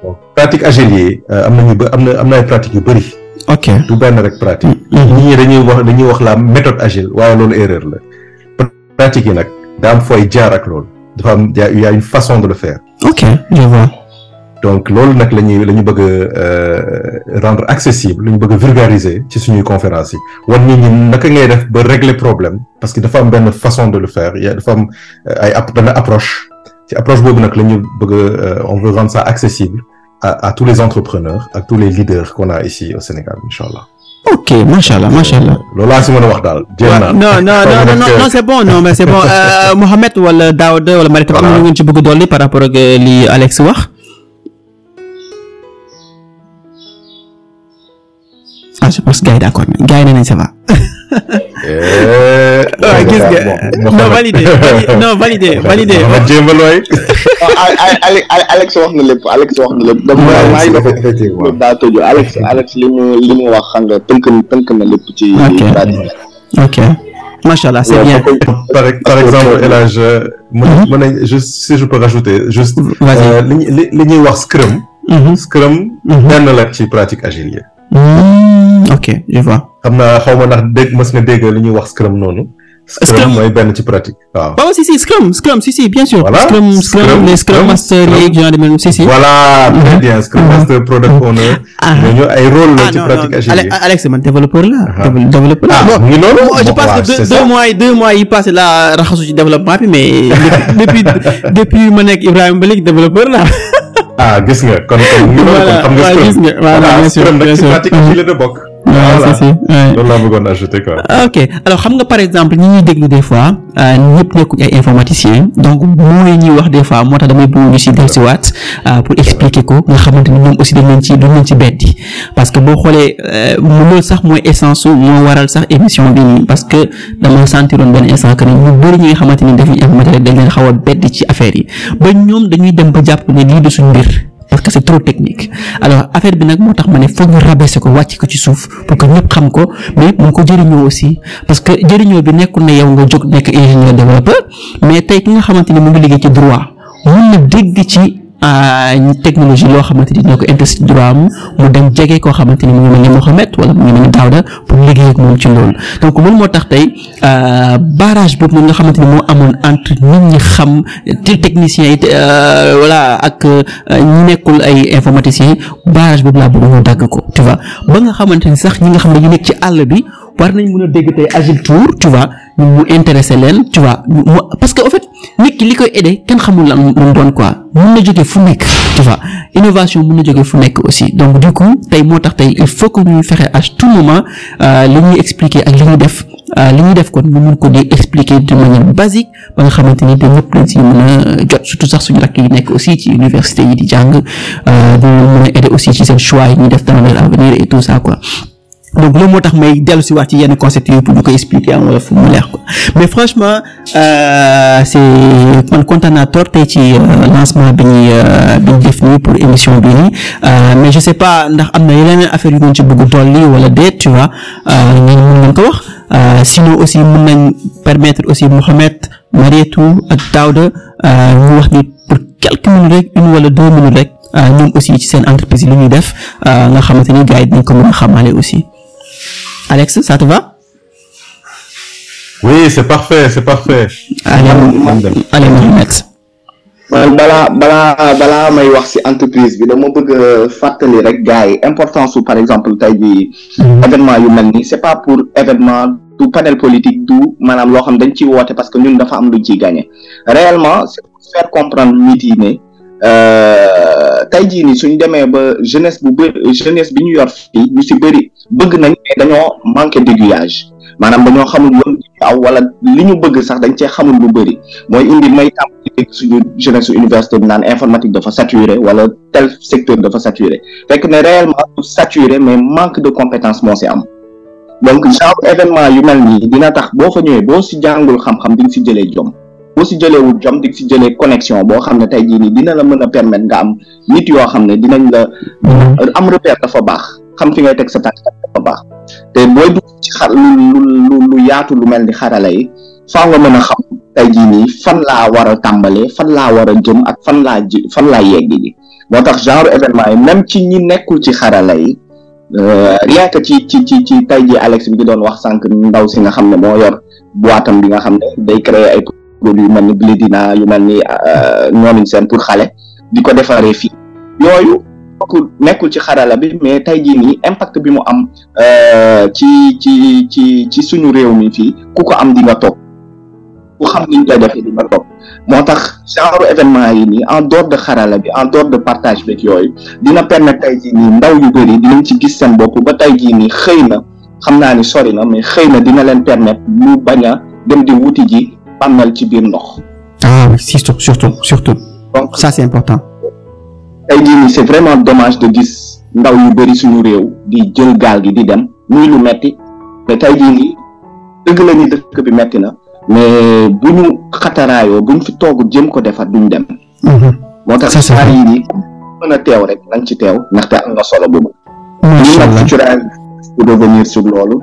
donc pratique agile yi euh, am nañu ba am na am na ay yu bëri. ok du benn rek pratique. Mm, mm-hmm. nit ñi dañuy wax dañuy wax la méthode agile waaye loolu erreur la pratique yi nag daa fooy jaar ak lool dafa am y a une façon de le faire. ok je vois. donc loolu nag la ñuy la ñu bëgg a euh, rendre accessible la ñu bëgg a vulgariser ci suñuy conférence yi wan nit ñi naka ngay def ba régler problème parce que dafa am benn façon de le faire y dafa euh, approche ci approche boobu nag la ñu bëgg a euh, on veut rendre ça accessible à à tous les entrepreneurs ak tous les leaders qu'on a ici au Sénégal incha allah. ok macha allah loolu laa si wax daal. jéem naa non non bon non mais c' est bon Mohamed wala Daouda wala Maritam am na lu bëgg a dolli par ah je pense gars yi d' accord gars yi nee nañ ça va. waaw eh. gis nga non validé non validé validé. wax jéem a looy. Alex wax na lépp Alex wax na lépp. effectivement daa tëju Alex Alex li mu li mu wax xam nga tënk na tënk na lépp ci. ok ok macha allah c' est bien. par par exemple El Hadj. Euh, mën nañ mhm. juste si je peux rajouter juste. Euh, li ñuy wax Scrum. Mhm. Scrum. Mhm. benn la ci pratique agile yi. Hmm, ok je vois. xam naa xaw ma ndax dégg mës nga dégg li ñuy wax scrum noonu. Scrum mooy benn ci pratique waaw. Ah. waaw si si Scrum si si bien sûr. voilà Scrum si si. voilà très uh-huh. bien Scrum uh-huh. Master Product uh-huh. Owner. ñooñu ay la ci pratique agile. Alex man développeur la. Ah. développeur la ah ñu noonu. je pense que deux mois yi deux mois yi passé la raxasu ci développement bi mais depuis depuis ma nekk Ibrahima ba léegi développeur la. ah gis nga kon kon ñu noonu kon xam nga Scrum. voilà bien sûr bien sûr pratique voilà loolu laa bëggoon ok alors xam nga par exemple ñi ñuy déglu des fois euh, ñëpp nekkuñ ay informaticiens donc yi ñuy wax des fois moo tax damay bëgg ñu si dellusiwaat euh, pour expliquer ko nga xamante ni ñoom aussi dañ ci beddi parce que boo xoolee euh, loolu sax mooy essence su moo waral sax émission bi nii parce que dama sentiroon benn instant que ni ñu bëri ñi nga xamante ni defuñ informatique leen xaw a beddi ci affaire yi ba ñoom dañuy dem ba jàpp ne lii du mbir. parce que c'est trop technique alors affaire bi nag moo tax ma ne foog ñu ko wàcc ko ci suuf pour que ñëpp xam ko mais mën ko jëriñoo aussi parce que jëriñoo bi nekkul ne yow nga jóg nekk ingénieur développeur mais tey ki nga xamante ni mu ngi liggéey ci droit mun na dégg ci. Euh, technologie loo xamante ni dina ko intéressé droit am mu dem jege koo xamante ni mu ngi mel ni Mohamed wala mu ngi mel ni Daouda pour liggéey ak moom ci loolu donc loolu moo tax tey euh, barrage boobu moom nga xamante ni moo amoon entre xam te techniciens yi euh, voilà ak ñi ay informaticiens barrage boobu laa bëgg ñu dagg ko tu vois ba nga xamante ni sax ñi nga xam ne ñu nekk ci àll bi war nañ mën a dégg tey Agile Tour tu vois mu intéressé leen tu vois parce que en nit ki li koy aidé kenn xamul lan mu doon quoi mun na jóge fu nekk tu vois innovation mun na jóge fu nekk aussi donc du coup tey moo tax tey il faut que ñuy fexe à tout moment euh, li ñuy expliquer ak li ñuy def euh, li ñuy def kon ñu mun ko di expliquer de manière basique ba nga xamante ni te ñëpp lañ si mën a jot surtout sax suñu rakk yi nekk aussi ci université yi di jàng euh, ñu mën a aidé aussi ci seen choix yi ñuy def dans leur avenir et tout saa quoi donc loolu moo tax may dellu si waat ci yenn concept yi pour ñu koy expliquer am wala fu mu leer quoi mais franchement euh, c' man kontaan naa trop tey ci euh, lancement euh, bi ñu def pour émission bi mais je pas ndax am na yeneen affaire yu ngeen ci bëgg dolli wala déet tu vois ñun mën nañ permettre aussi Mouhamed Marietou ak Daouda ñu wax ñu pour quelques minutes rek une wala deux minutes rek ñoom ci seen entreprise yi def nga xamante ni gars yi dinañ ko mën a xamaale aussi. Alex, ça te va Oui, c'est parfait, c'est parfait. Allez, allez may wax si entreprise bi dama bëgg euh, a rek gars yi importance su par exemple tey jii mhm. événement yu mel ni c'est pas pour événement du panel politique du maanaam loo xam dañ ciy woote parce que ñun dafa am lu ciy gagné réellement c'est pour faire comprendre nit yi euh, tey jii nii suñ demee ba jeunesse bu bëri jeunesse bi ñu yor fii ñu si bëri bëgg nañ mais dañoo manqué d'aiguillage maanaam dañoo xamul woon aw wala li ñu bëgg sax dañ cee xamul lu bëri mooy indi may tàmbali suñu jeunesse su université bi naan informatique dafa saturé wala tel secteur dafa saturé fekk ne réellement saturé mais manque de compétence moo si am donc genre événement yu mel nii dina tax boo fa ñëwee boo si jàngul xam-xam di si jëlee jom boo si jëleewul jom di ci jëlee connexion boo xam ne tey jii nii dina la mën a permettre nga am nit yoo xam ne dinañ la mhm. am repère dafa baax xam fi ngay teg sa tànk dafa baax te booy dugg ci xar lu lu lu lu mel ni xarala yi faaw nga mën a fan laa war a tàmbalee fan laa war a jëm ak fan laa ji fan laa yegg ji moo tax genre événement yi même ci ñi nekkul ci xarala yi euh, rien que ci ci ci ci tey jii Alex bi ñu doon wax sànq ndaw si nga xam ne moo yor boitam bi nga xam ne day créer ay produit yu mel ni Blédina yu mel ni euh, ñoomin seen pour xale di ko defaree fii yooyu nekkul ci xarala bi mais tey jii nii impact bi mu am euh, ci ci ci ci suñu réew mi fii ku ko am di nga topp ku xam ni ñu koy defee di topp moo tax genre événement yi nii en dehors de xarala bi en dehors de partage beeg yooyu dina permettre tey jii nii ndaw yu bëri dinañ ci gis seen bopp ba tey jii nii xëy na xam naa ni sori na mais xëy na dina leen permettre lu bañ a dem di wuti ji bàmmeel ci biir ndox. ah oui surtout surtout surtout. donc ça c'est important. tey jii c'est vraiment dommage de gis ndaw yu bari suñu réew di jël gaal gi di dem muy lu metti mais tey jii nii dëgg la dëkk bi metti na. mais bu ñu xataraayoo bu fi toog jëm ko defar duñ dem. Mhm. moo tax xaar yi nii mën a teew rek nañ ci teew. ndaxte am na solo bu mu. macha allah ñu nag pour revenir sur loolu.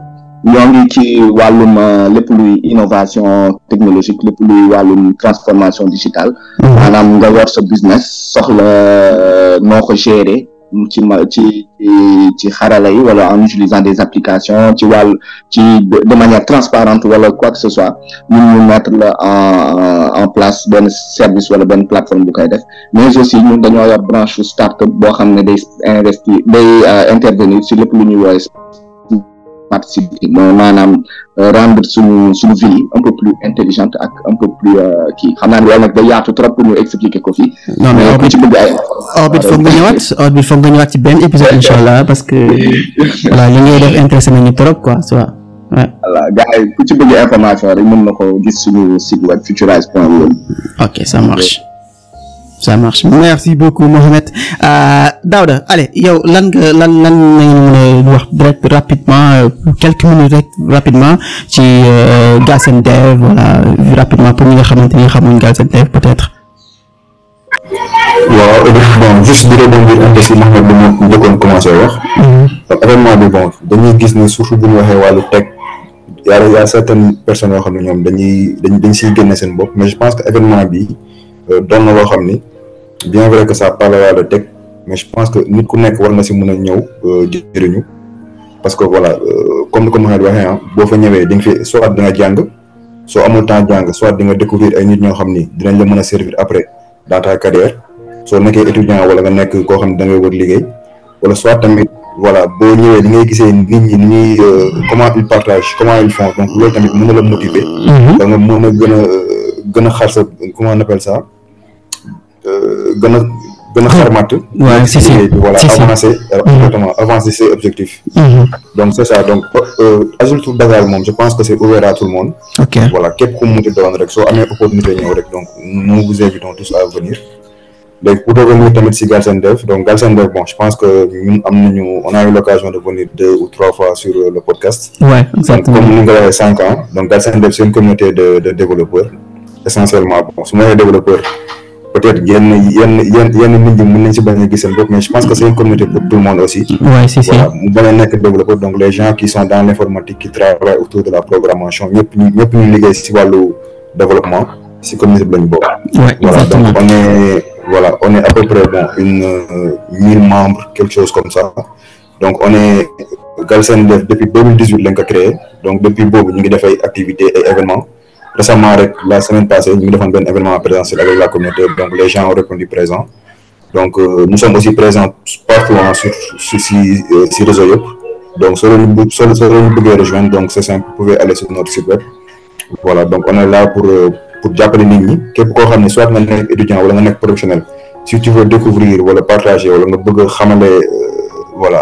ñoo ci wàllum euh, lépp luy innovation technologique lépp luy wàllum transformation digitale mm-hmm. maanaam nga yor sa business soxla euh, noo ko ci ma ci ci xarala wala en utilisant des applications ci wàll ci de manière transparente wala quoi que ce soit ñun ñu mettre la en place benn service wala benn plateforme bu koy def mais aussi ñun dañoo yor branche start boo xam ne day investi day euh, intervenir si lépp lu ñuy participer mooy maanaam euh, rendre suñu suñu ville yi un peu plus intelligente ak un peu plus euh, kii xam naa ne loolu nag day yaatu trop pour ñu expliquer ko fii. non mais euh, orbite ci bëgg ay. orbite foog nga ñëwaat orbite foog nga ñëwaat ci benn épisode incha allah parce que voilà li ngay def intéressé nañu trop quoi ça va. voilà ku ci bëgg information rek mën na ko gis suñu site web futurize point com. marche. ça marche merci beaucoup Mohamed euh, Daouda allez yow lan nga lan lan nañu mën a wax rek rapidement euh, quelques minutes rek rapidement ci euh, Galsen Dev voilà rapidement pour ñi nga xamante ni xamuñ Galsen Dev peut-être. waaw bon si Mohamed bi ñu commencé wax. donc événement bi bon dañuy gis ne suuf bu ñu waxee wàllu tech y a y personne yoo xam ne ñoom dañuy dañ dañ siy génne seen bopp mais je pense que événement bi. Euh, doon na loo xam ni bien vrai que ça parlera de tech mais je pense que nit ku nekk war na si mën a ñëw euh, jëriñu parce que voilà euh, comme ni ko Mouhamed waxee ah boo fa ñëwee di nga fi soit di nga jàng soo amul temps jàng soit di nga découvrir ay nit ñoo xam ni dinañ la mën a servir après dans ta carrière soo nekkee étudiant wala nga nekk koo xam ne da ngay wër liggéey wala soit tamit voilà boo ñëwee li ngay gisee nit ñi ni ñuy comment ils partagent comment ils font donc loolu tamit mën na la mm-hmm. a gën a gën sa gën a gën a xarmat waaw si si voilà avancer euh, mm-hmm. exactement avancer ses objectifs mm-hmm. donc c'est ça donc euh, euh, Agile Dakar moom je pense que c'est ouvert à tout le monde voilà képp ku mu munti doon rek soo amee opportunité ñëw rek donc nous invitons tous à venir léegi pour revenir tamit si Galsen Dev donc Galsen Dev bon je pense que am nañu on a eu l'occasion de venir deux ou trois fois sur le podcast comme ni nga waxee cinq ans donc Galsen Dev c'est une communauté de de développeurs peut-être yenn yenn yenn yenn nit ñi mën si bañ a gis seen mais je pense que c'est une communauté pour tout le monde aussi. waaw si si voilà mu bañ a nekk développeur donc les gens qui sont dans l'informatique qui travaillent autour de la programmation ñëpp ñu ñu liggéey si wàllu développement si communauté bi lañ bokk. voilà donc on est à peu près bon une euh, mille quelque chose comme ça donc on est Galsen Dev depuis 2018 lañ ko créé donc depuis boobu ñu ngi def ay activités ay récemment rek la semaine passée ñu ngi defoon benn événement présentiel avec la communauté donc les gens ont présent donc euh, nous sommes aussi présents partout sur sur euh, réseau yëpp donc soo leen bu soo leen bëggee rejoindre donc c'est simple vous pouvez aller sur notre site voilà donc on est là pour euh, pour jàppale nit ñi képp koo xam ne soit nga nekk étudiant wala nga nekk professionnel si tu veux découvrir wala partager wala nga bëgg a voilà.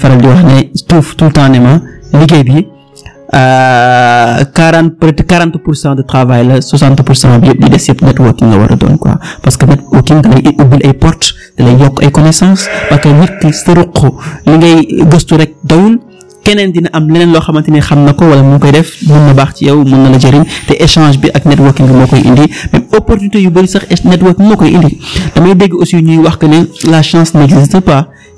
faral di wax ne tout tout temps ne ma liggéey bi euh, quarante pour cent de travail la soixante pour cent bi yëpp di des yëpp networking la war a doon quoi parce que networking da lay ubbil ay porte da lay yokk ay connaissance parce que nit ki sa ruq li ngay gëstu rek dawul keneen dina am leneen loo xamante ni xam na ko wala mu ngi koy def mun na baax ci yow mun na la jëriñ te échange bi ak networking bi moo koy indi même opportunité yu bëri sax networking moo koy indi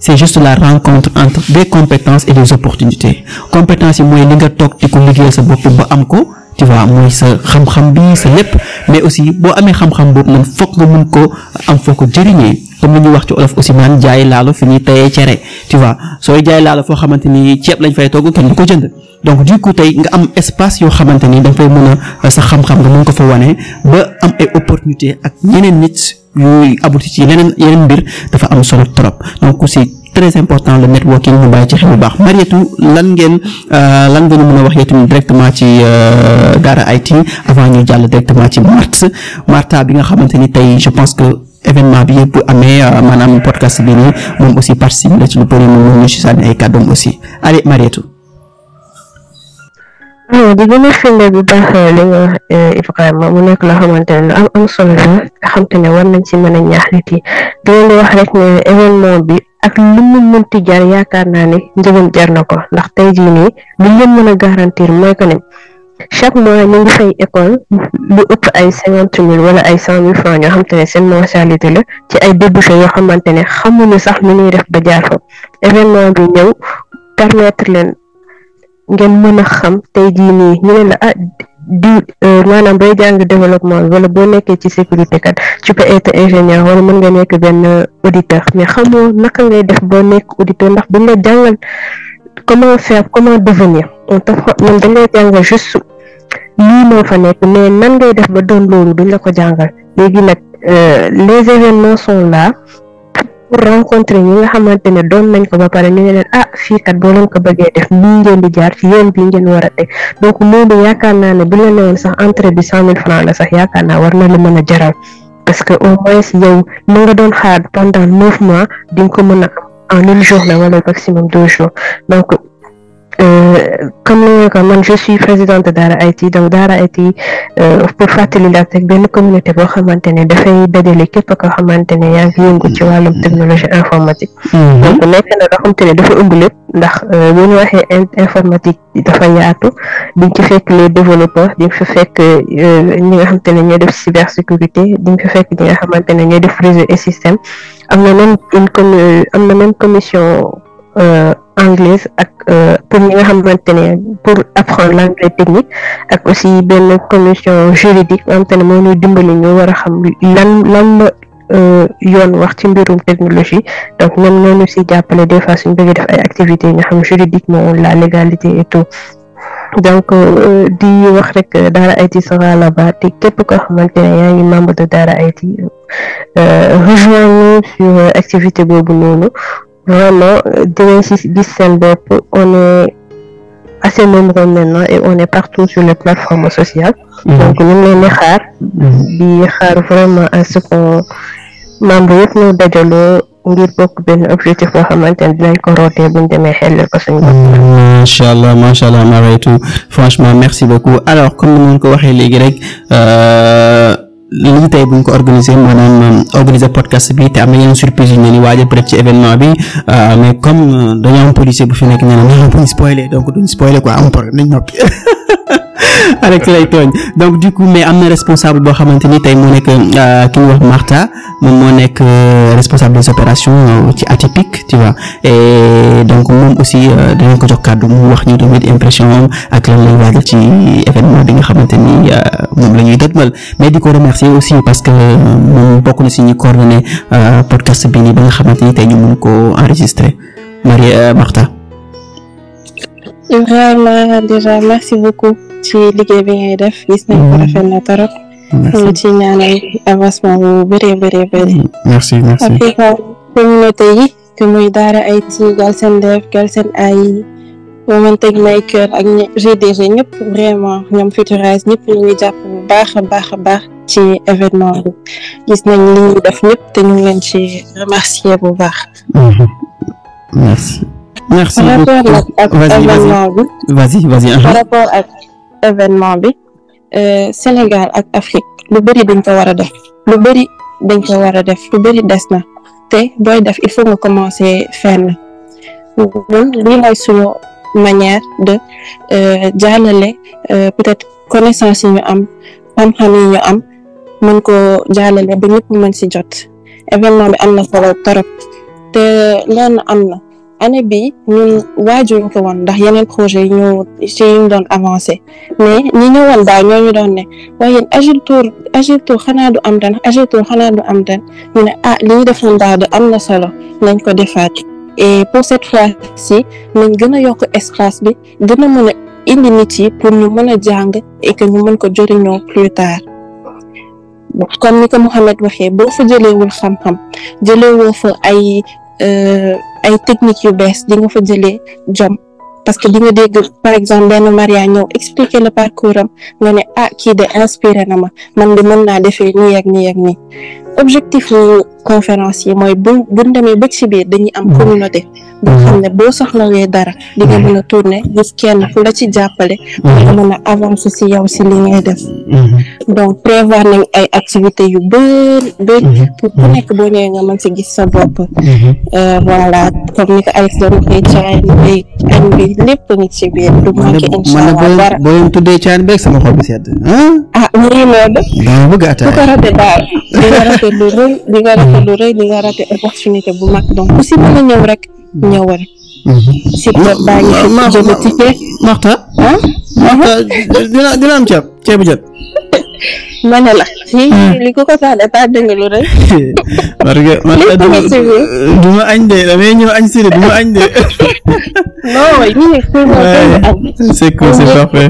c'est juste la rencontre entre des compétences et des opportunités compétence yi mooy li nga toog di ko liggéeyal sa bopp ba am ko tu vois mooy sa xam-xam bi sa lépp mais aussi boo amee xam-xam boobu nag foog mun ko am foo ko jëriñee comme li wax ci olof aussi naan jaay laalo fi ñuy tayee cere tu vois sooy jaay laalo foo xamante ni ceeb lañ fay togg kenn du ko jënd donc du coup tey nga am espace yoo xamante ni da nga mën a sa xam-xam nga mun ko fa wane ba am ay opportunité ak ñeneen nit. yuy abouti ci yeneen yeneen mbir dafa am solo trop donc c'est très important le networking ñu bàyyi ci xel bu baax Mariétou lan ngeen euh, lan ngeen mun a wax itam directement ci euh, Daara IT avant ñu jàll directement ci Marthe Martha bi nga xamante ni tey je pense que événement bi yëpp amee euh, maanaam podcast bi nii moom aussi participe la ci lu bëri moom ñu si sànni ay kàddoom aussi allez Mariétou non di gën a firnde nga Ibrahima mu nekk loo xamante ne lu am am solo la xam te ne war nañ ci mën a ñaax nit yi di ne événement bi ak lu mu mënti jar yaakaar naa ne njëgam jar na ko ndax te jii nii lu leen mën a garantir mooy que ne chaque mois ñu ngi fay école lu ëpp ay cinquante mille wala ay cent mille francs ñoo xamante ne seen mensualité la ci ay débouché yoo xamante ne xamuñu sax nu ñuy def ba jaar fa événement bi ñëw permettre leen. ngeen mën a xam te jii nii ñu ne la ah di euh, maanaam booy jàng développement wala boo nekkee ci sécurité kat tu peux être ingénieur wala mën nga nekk benn euh, auditeur mais xamoo naka ngay def boo nekk auditeur ndax buñ la jàngal comment faire comment devenir on te man dañ lay jàngal juste lii moo fa nekk mais nan ngay def ba doon loolu duñ la ko jàngal léegi nag euh, les événements sont là. rencontre ñi nga xamante ne doon nañ ko ba pare ñu ne leen ah fii kat boo leen ko bëggee def lii ngeen di jaar ci yoon bii ngeen war a teg donc loolu yaakaar naa ne bu la newoon sax entrée bi cent mille francs la sax yaakaar naa war na la mën a jaral parce que au moins yow li doon xaar pendant neuf mois di nga ko mën a en une journée wala maximum deux jours donc Euh, comme ni nga man je suis présidente Daara Haïti donc Daara Haïti euh, pour fàttali la ak benn communauté boo xamante ne dafay dajale képp koo xamante ne yaa ngi yëngu ci wàllum technologie informatique. Mm-hmm. donc nekk dafa ëmb ndax euh, bu ñu informatique dafa yaatu di nga ci fekk les développeurs di nga fi fekk ñi nga xamante ne ñooy def cybersécurité di nga fi fekk ñi nga xamante ne ñooy def réseau et système am na même une am na même commission anglaise ak. pour ñi nga xamante ne pour apprendre l'anglais technique ak aussi benn commission juridique nga xamante ne moo ñuy dimbali ñu war a xam lan lan la euh, yoon wax ci mbirum technologie donc ñoom ñoo nu si jàppale des fois suñu bëggee def ay activités yi nga xam juridiquement la légalité et tout. donc euh, di wax rek Daara Haïti sera là-bas te képp koo xamante ne yaa ngi membre de Daara Haïti euh, rejoins sur activité boobu noonu vraiment euh, dinañ si gis seen bopp on est assez nombreux maintenant et on est partout sur les plateformes sociales mhm. donc ñu ngi xaar di xaar vraiment à ce qu'on membre yëpp ñu dajaloo ngir bokk benn objectif boo xamante ne dinañ ko rootee buñ demee xel ko suñu bopp. macha allah macha allah franchement merci beaucoup alors comme ni ko waxee léegi rek. Euh, lii tey bu ñu ko organiser maanaam euh, organiser podcast bi te am na yeneen surprise yu ñu leen waajal peut événement bi euh, mais comme euh, dañoo am policier bu fi nekk ñu ne ñu ngi spoiler donc duñ spoiler quoi am problème nañ noppi. Alex lay tooñ donc du coup mais am na responsable boo xamante ni tey moo nekk euh, ki ñu wax Martha moom moo nekk euh, responsable des opérations euh, ci atypique tu vois et donc moom aussi dinañ ko jox kàddu mu wax ñu tamit impression moom ak lan bi nga xamante ni moom la ñuy dëgmal mais di ko remercier parce que moom bokk na si ñu coordonné podcast bi nii ba nga xamante ni tey ñu mun ko enregistré Marie Martha Ibrahima déjà merci beaucoup ci liggéey bi ngay def gis nañ ko rafet na torop ñu ci ñaanal avancement bu bëree bëree bëri merci merci Africa communauté yi ay muy Daara IT Galsen Dev Galsen AI Women Techmaker ak GDG ñëpp vraiment ñoom Futurize ñëpp ñu ngi jàpp bu baax a baax a baax ci événement bi gis nañ li ñuy def ñëpp te ñu ngi leen ci remercier bu baax mhm. merci beaucoup par uh-huh. rapport ak événement bi. Euh, ak événement lu bëri dañ ko war a lu bëri dañ ko war a def lu bëri des na te def il faut nga commencer fenn manière de euh, jàllale euh, peut-être connaissance yi am xam-xam am mën koo jàllale ba ñëpp mën ci jot événement bi am na solo torop te lenn am na. année bi ñun waajuñ ko woon ndax yeneen projet yi ñu ci ñu doon avancé mais ñi ñëwoon daaw ñoo ñu ne waaye yéen Agile xanaa du am ren Agile Tour xanaa du am ren ñu ne ah li am na solo nañ ko defaat et pour cette fois-ci nañ gën a yokk espace bi gën a a indi nit yi pour ñu mën a jàng et que ñu mën ko jëriñoo plus tard comme ni ko Mouhamed waxee boo fa jëleewul xam-xam jëleewoo fa ay. Euh, ay techniques yu bees di nga fa jëlee jom parce que di nga dégg par exemple benn Maria ñëw expliquer le parcours am nga ne ah kii de inspiré na ma man di mën naa defee nii ak nii ak nii objectif wu conférence yi mooy bu buñ demee ba ci biir dañuy am communauté boo mhm. xam ne boo soxlawee dara di nga mhm. mën a tourner kenn ku la ci jàppale mhm. nga mën a avancer ci yow ci li ngay def ay activités yu bëri bëri pour ku nekk boo ñëwee nga mën ci gis sa bopp euh, voilà comme ni ko Alex doon añ bi lépp ngi ci biir du manqué inchallah dara boo leen tuddee caayin beeg sama xol bi sedd ah rate lu rëy di nga rate lu rëy di nga rate opportunité bu mag donc ku si mën a ñëw rek ñëwal mhm. Siteu baa ngi fi jënd ticket Maxta dina dina am ceeb ceebu jën ma ne la ah. li ko ko tax dafa dëng lu rëy parce que añ de damay ñëw añ si de du ma añ de non c'est cool c'est parfait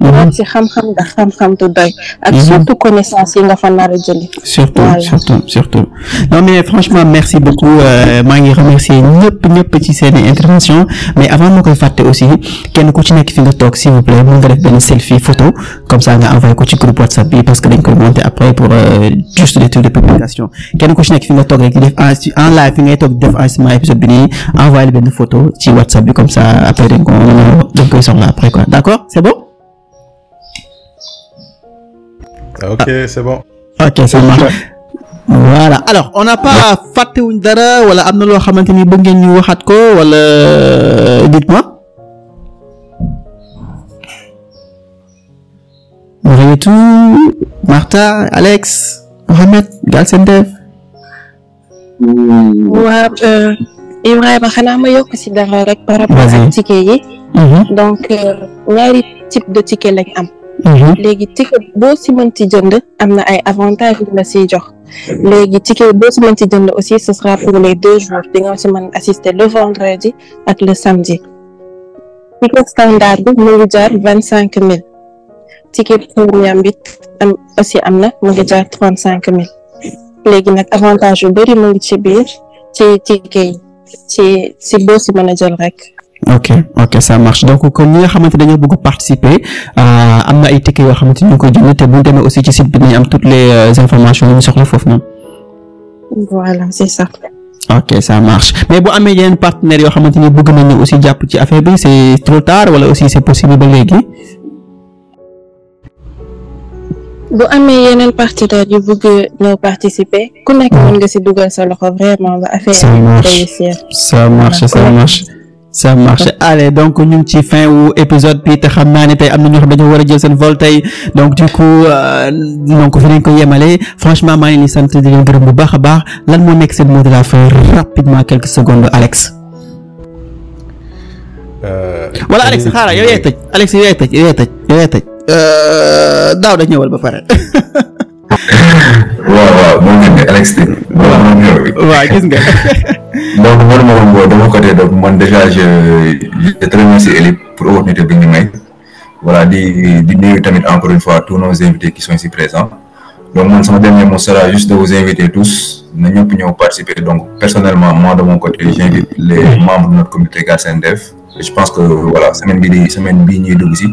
maat si mhm. xam-xam nga xam-xam du doy ak mhm. surtout connaissance yi nga fa nar a jëli surtout surtout non mais franchement merci beaucoup euh, maa ngi remercier ñëpp ñëpp ci seen intervention mais avant ma koy fàtte aussi kenn ku ci nekk fi nga toog s'il vous plaît mën nga def benn selfie photo comme sa nga envoyé ko ci groupe parce que dañ koy monter après euh, kenn ku ci nekk fi nga toog en live fi ngay toog di def enregistrement épisode bi nii envoyé benn photo comme ça après dañ ko dañ koy après quoi d'accord c'est bon Ok, ah. c'est bon. alors on n'a pas fàttewuñ dara wala am na loo xamante ni bëgg ngeen ñu waxaat ko wala euh, dites-moi. Alex Mohamed Galsen Dev. waa euh, Ibrahima xanaa ma yokk ci dara rek. par rapport ak ticket mhm. donc euh, ñaari type lañ am. Mhm. léegi ticket boo si ci jënd am na ay avantages yu la siy jox léegi ticket boo si mënti jënd aussi ce sera pour les deux jours di nga si mën assister le vendredi ak le samedi ticket standard bi mu ngi jaar vingt cinq mille ticket premium bi am aussi am na mu ngi jaar trente cinq mille léegi nag avantage yu bëri mu ngi ci biir ci ticket yi ci si boo si mën a jël rek ok ok ça marche donc kon ñi nga xamante dañoo bëgg participer euh, am na ay ticket yoo xamante ni ñu koy jënd te bu ñu demee aussi ci site bi nañu am toutes les euh, informations yu ñu soxla foofu noonu. mais bu amee yeneen partenaires yoo xamante ni bëgg nañu aussi jàpp ci affaire bi c'est trop tard wala aussi c'est possible ba léegi. bu amee yeneen partenaires yu bëgg ñoo participer ku nekk mën nga ci dugal sa loxo vraiment ba affaire yi. ça marche ça marche. ça marche allez donc ñu ngi ci fin wu épisode bi te xam naa ni tey am na ñoo xam dañoo war a jël seen vol tey donc du coup euh, donc fi nañ ko yemale franchement maa ngi leen di sant di bu baax a baax lan moo nekk seen mot de la fin rapidement quelques secondes Alex. wala euh, Alex euh, xaaral yow tëj Alex yow tëj yow tëj daaw da ñëwal ba pare. waaw waaw moom ngeen ne Alex Tine. waaw gis nga. donc man ma woon de mon côté donc pour opportunité bi ñu may voilà di di nuyu tamit encore une fois tous nos invités qui sont ici présents donc man sama dernier mot sera juste de vous inviter tous na ñëpp ñëw participer donc personnellement moi de mon côté j'invite les membres de notre comité Galsen Dev je pense que voilà semaine bii di bii ñuy dugg si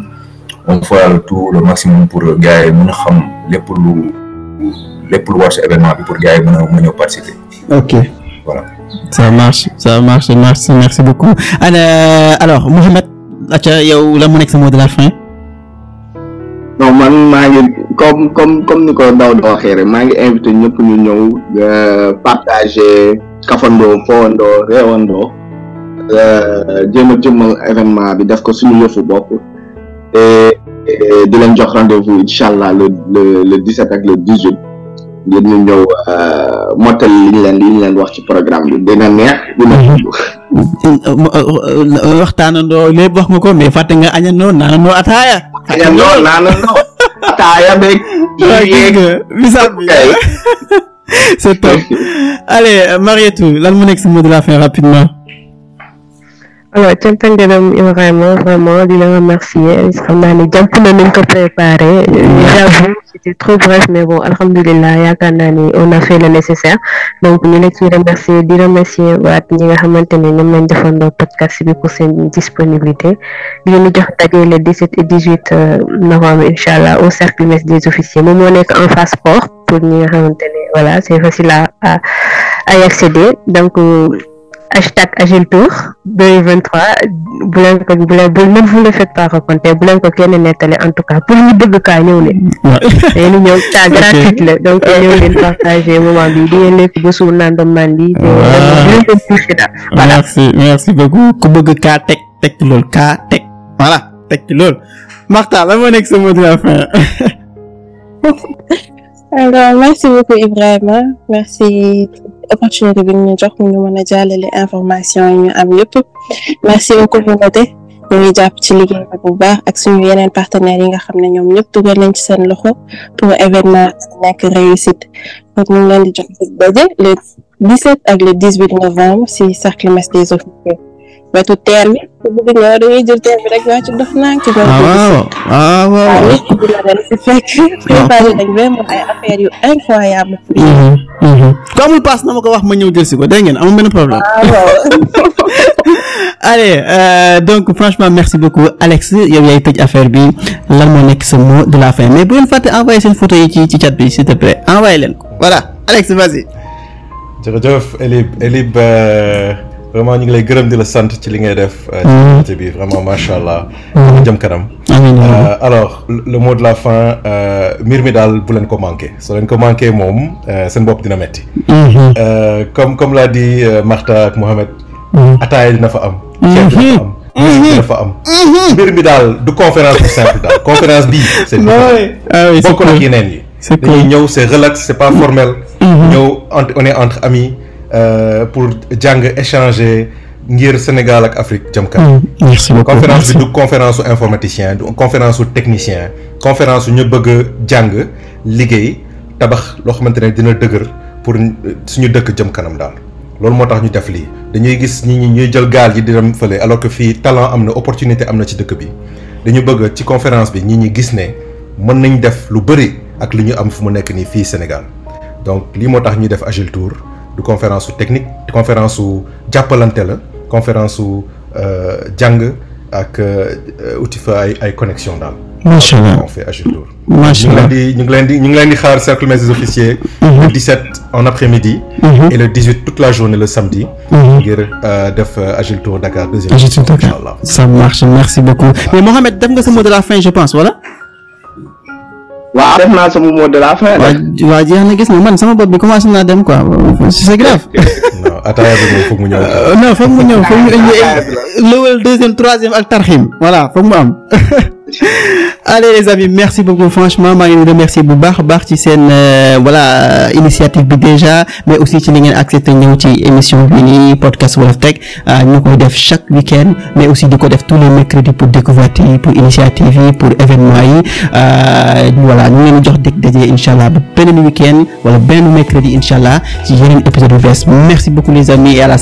on fera le le maximum pour gars yi a xam lépp lu. lépp lu war si événement bi pour gars yi a mën a participer. ok voilà. ça marche sa marché merci merci beaucoup ana alors Mouhamed acca yow la mu nekk sa mot de la fin. non man maa ngi comme comme ni ko daw doo waxee maa ngi invité ñëpp ñu ñëw euh, partager kafandoo fowandoo réewandoo euh, jéem a jëmmal événement bi def ko suñu yëfu bopp di leen jox rendez-vous incha allah le le le ak le 18. ngir ñu ñëw euh, motal li ñu leen li leen wax ci programme bi dina neex dina mhm. euh, euh, waxtaanandoo lépp wax nga ko mais fàtte nga añandoo naanandoo ataaya añandoo naanandoo ataaya beeg yéeg bisab bi c'est top allez Marietou lan mu nekk si mot la fin rapidement alors cant ak ngërëm Ibrahima vraiment di la remercier xam naa ne jàpp na nañ ko préparé j'avoue c'était trop bref mais bon alhamdulilah yaakaar naa ni on a fait nécessaire donc ñu la ciy remercier di remercier waat ñi nga xamante ne ñoom lañ defandoo podcast bi pour seen disponibilité di leen jox daje le 17 et 18 euh, novembre incha allah au cercle mess des officiers moom moo nekk en face port pour ñi nga xamante ne voilà c'est facile à accéder donc hashtag Agiltour 2023 bu leen ko bu leen bu même vous le faites pas raconter bu leen ko kenn nettali en tout cas pour ñu dëgg kaa ñëw leen. waaw ñu ka ça gratuite la donc ñëw leen partager moment bi di ngeen lekk ba naan doon naan lii. voilà merci merci beaucoup ku bëgg kaa teg teg lool teg teg lool Martha la moo nekk sa la fin. opportunité bi ñu jox ñu mën a jàllale information yi ñu am yëpp merci beaucoup communauté ñu ngi jàpp ci liggéey bi bu baax ak suñu yeneen partenaires yi nga xam ne ñoom ñëpp dugal nañ ci seen loxo pour événement nekk réussite donc ñu ngi leen di jox daje le 17 ak le 18 novembre si cercle Mass des officiers wetu amul paas na ma ko wax ma ñëw jël si ko dégg ngeen amul benn problème. Ah, waaw. allez euh, donc franchement merci beaucoup Alex yaay tëj affaire bi lan moo nekk sa mot de la fin mais bu leen fàtte seen photo yi ci ci bi s'il te plaît envoyé leen ko voilà Alex vas-y. Elib. Euh, vraiment ñu ngi lay gërëm di la sant ci li ngay def. Euh, ci mm. bi vraiment macha allah. Mm. jëm kanam. Euh, alors le mot de la fin euh, mbir mi daal bu leen ko manqué soo leen ko manqué moom seen bopp dina metti mm-hmm. comme comme l'a di Martha ak Mohamed. Mm. ataaya dina fa am. Mm-hmm. ceeb dina fa am. Mm-hmm. mbir mi daal du conférence bu simple daal conférence bii. c'est ah bokk na ak yeneen yi. c'est cool dañuy ñëw c'est relax c'est pas formel. ñëw on entre amis. Euh, pour jàng échanger ngir Sénégal ak Afrique jëm kanam. Mm, merci beaucoup conférence bi du conférence su informaticien du conférence su technicien conférence su ñu bëgg jàng liggéey tabax loo xamante ne dina dëgër pour suñu dëkk jëm kanam daal. loolu moo tax ñu def lii dañuy gis ñi ñi ñuy jël gaal yi di dem fële alors que fii talent am na opportunité am na ci dëkk bi dañu bëgg ci conférence bi ñi ñi gis ne mën nañ def lu bëri ak li ñu am fu mu nekk nii fii Sénégal donc lii moo tax ñu def Agile Tour. du conférence su technique conférence su jàppalante la conférence su euh, jàng ak euh, uti fa ay ay connexion daal. macha allah on fait Agile ñu ngi leen di ñu ngi leen di xaar cercle mes officiers. Mhm. le 17 en après-midi. Mhm. et le 18 toute la journée le samedi. Mhm. ngir euh, def Agile Tour Dakar deuxième. Dakar incha marche merci beaucoup. mais def nga sa mot la fin je pense voilà. waaw def naa sama mot de la fin. waaw na gis nga man sama bopp bi commencé naa dem quoi c'est grave. non ataaya bi moom foog mu ñëw. Euh, non foog mu ñëw foog mu indi lowal deuxième troisième ak tarxim voilà foog mu am. allez les amis merci beaucoup franchement maa ngi leen di bu baax baax ci seen euh, voilà initiative bi déjà mais aussi ci li ngeen accepté ñëw ci émission bi nii podcast Wolof Tech euh, ñu koy def chaque week-end mais aussi di ko def tous les mercredis pour découverte yi pour initiative yi pour événement yi euh, voilà ñu leen jox dégg daje incha allah ba beneen week wala benn mercredi incha allah ci yeneen épisode bu bees merci beaucoup les amis et à la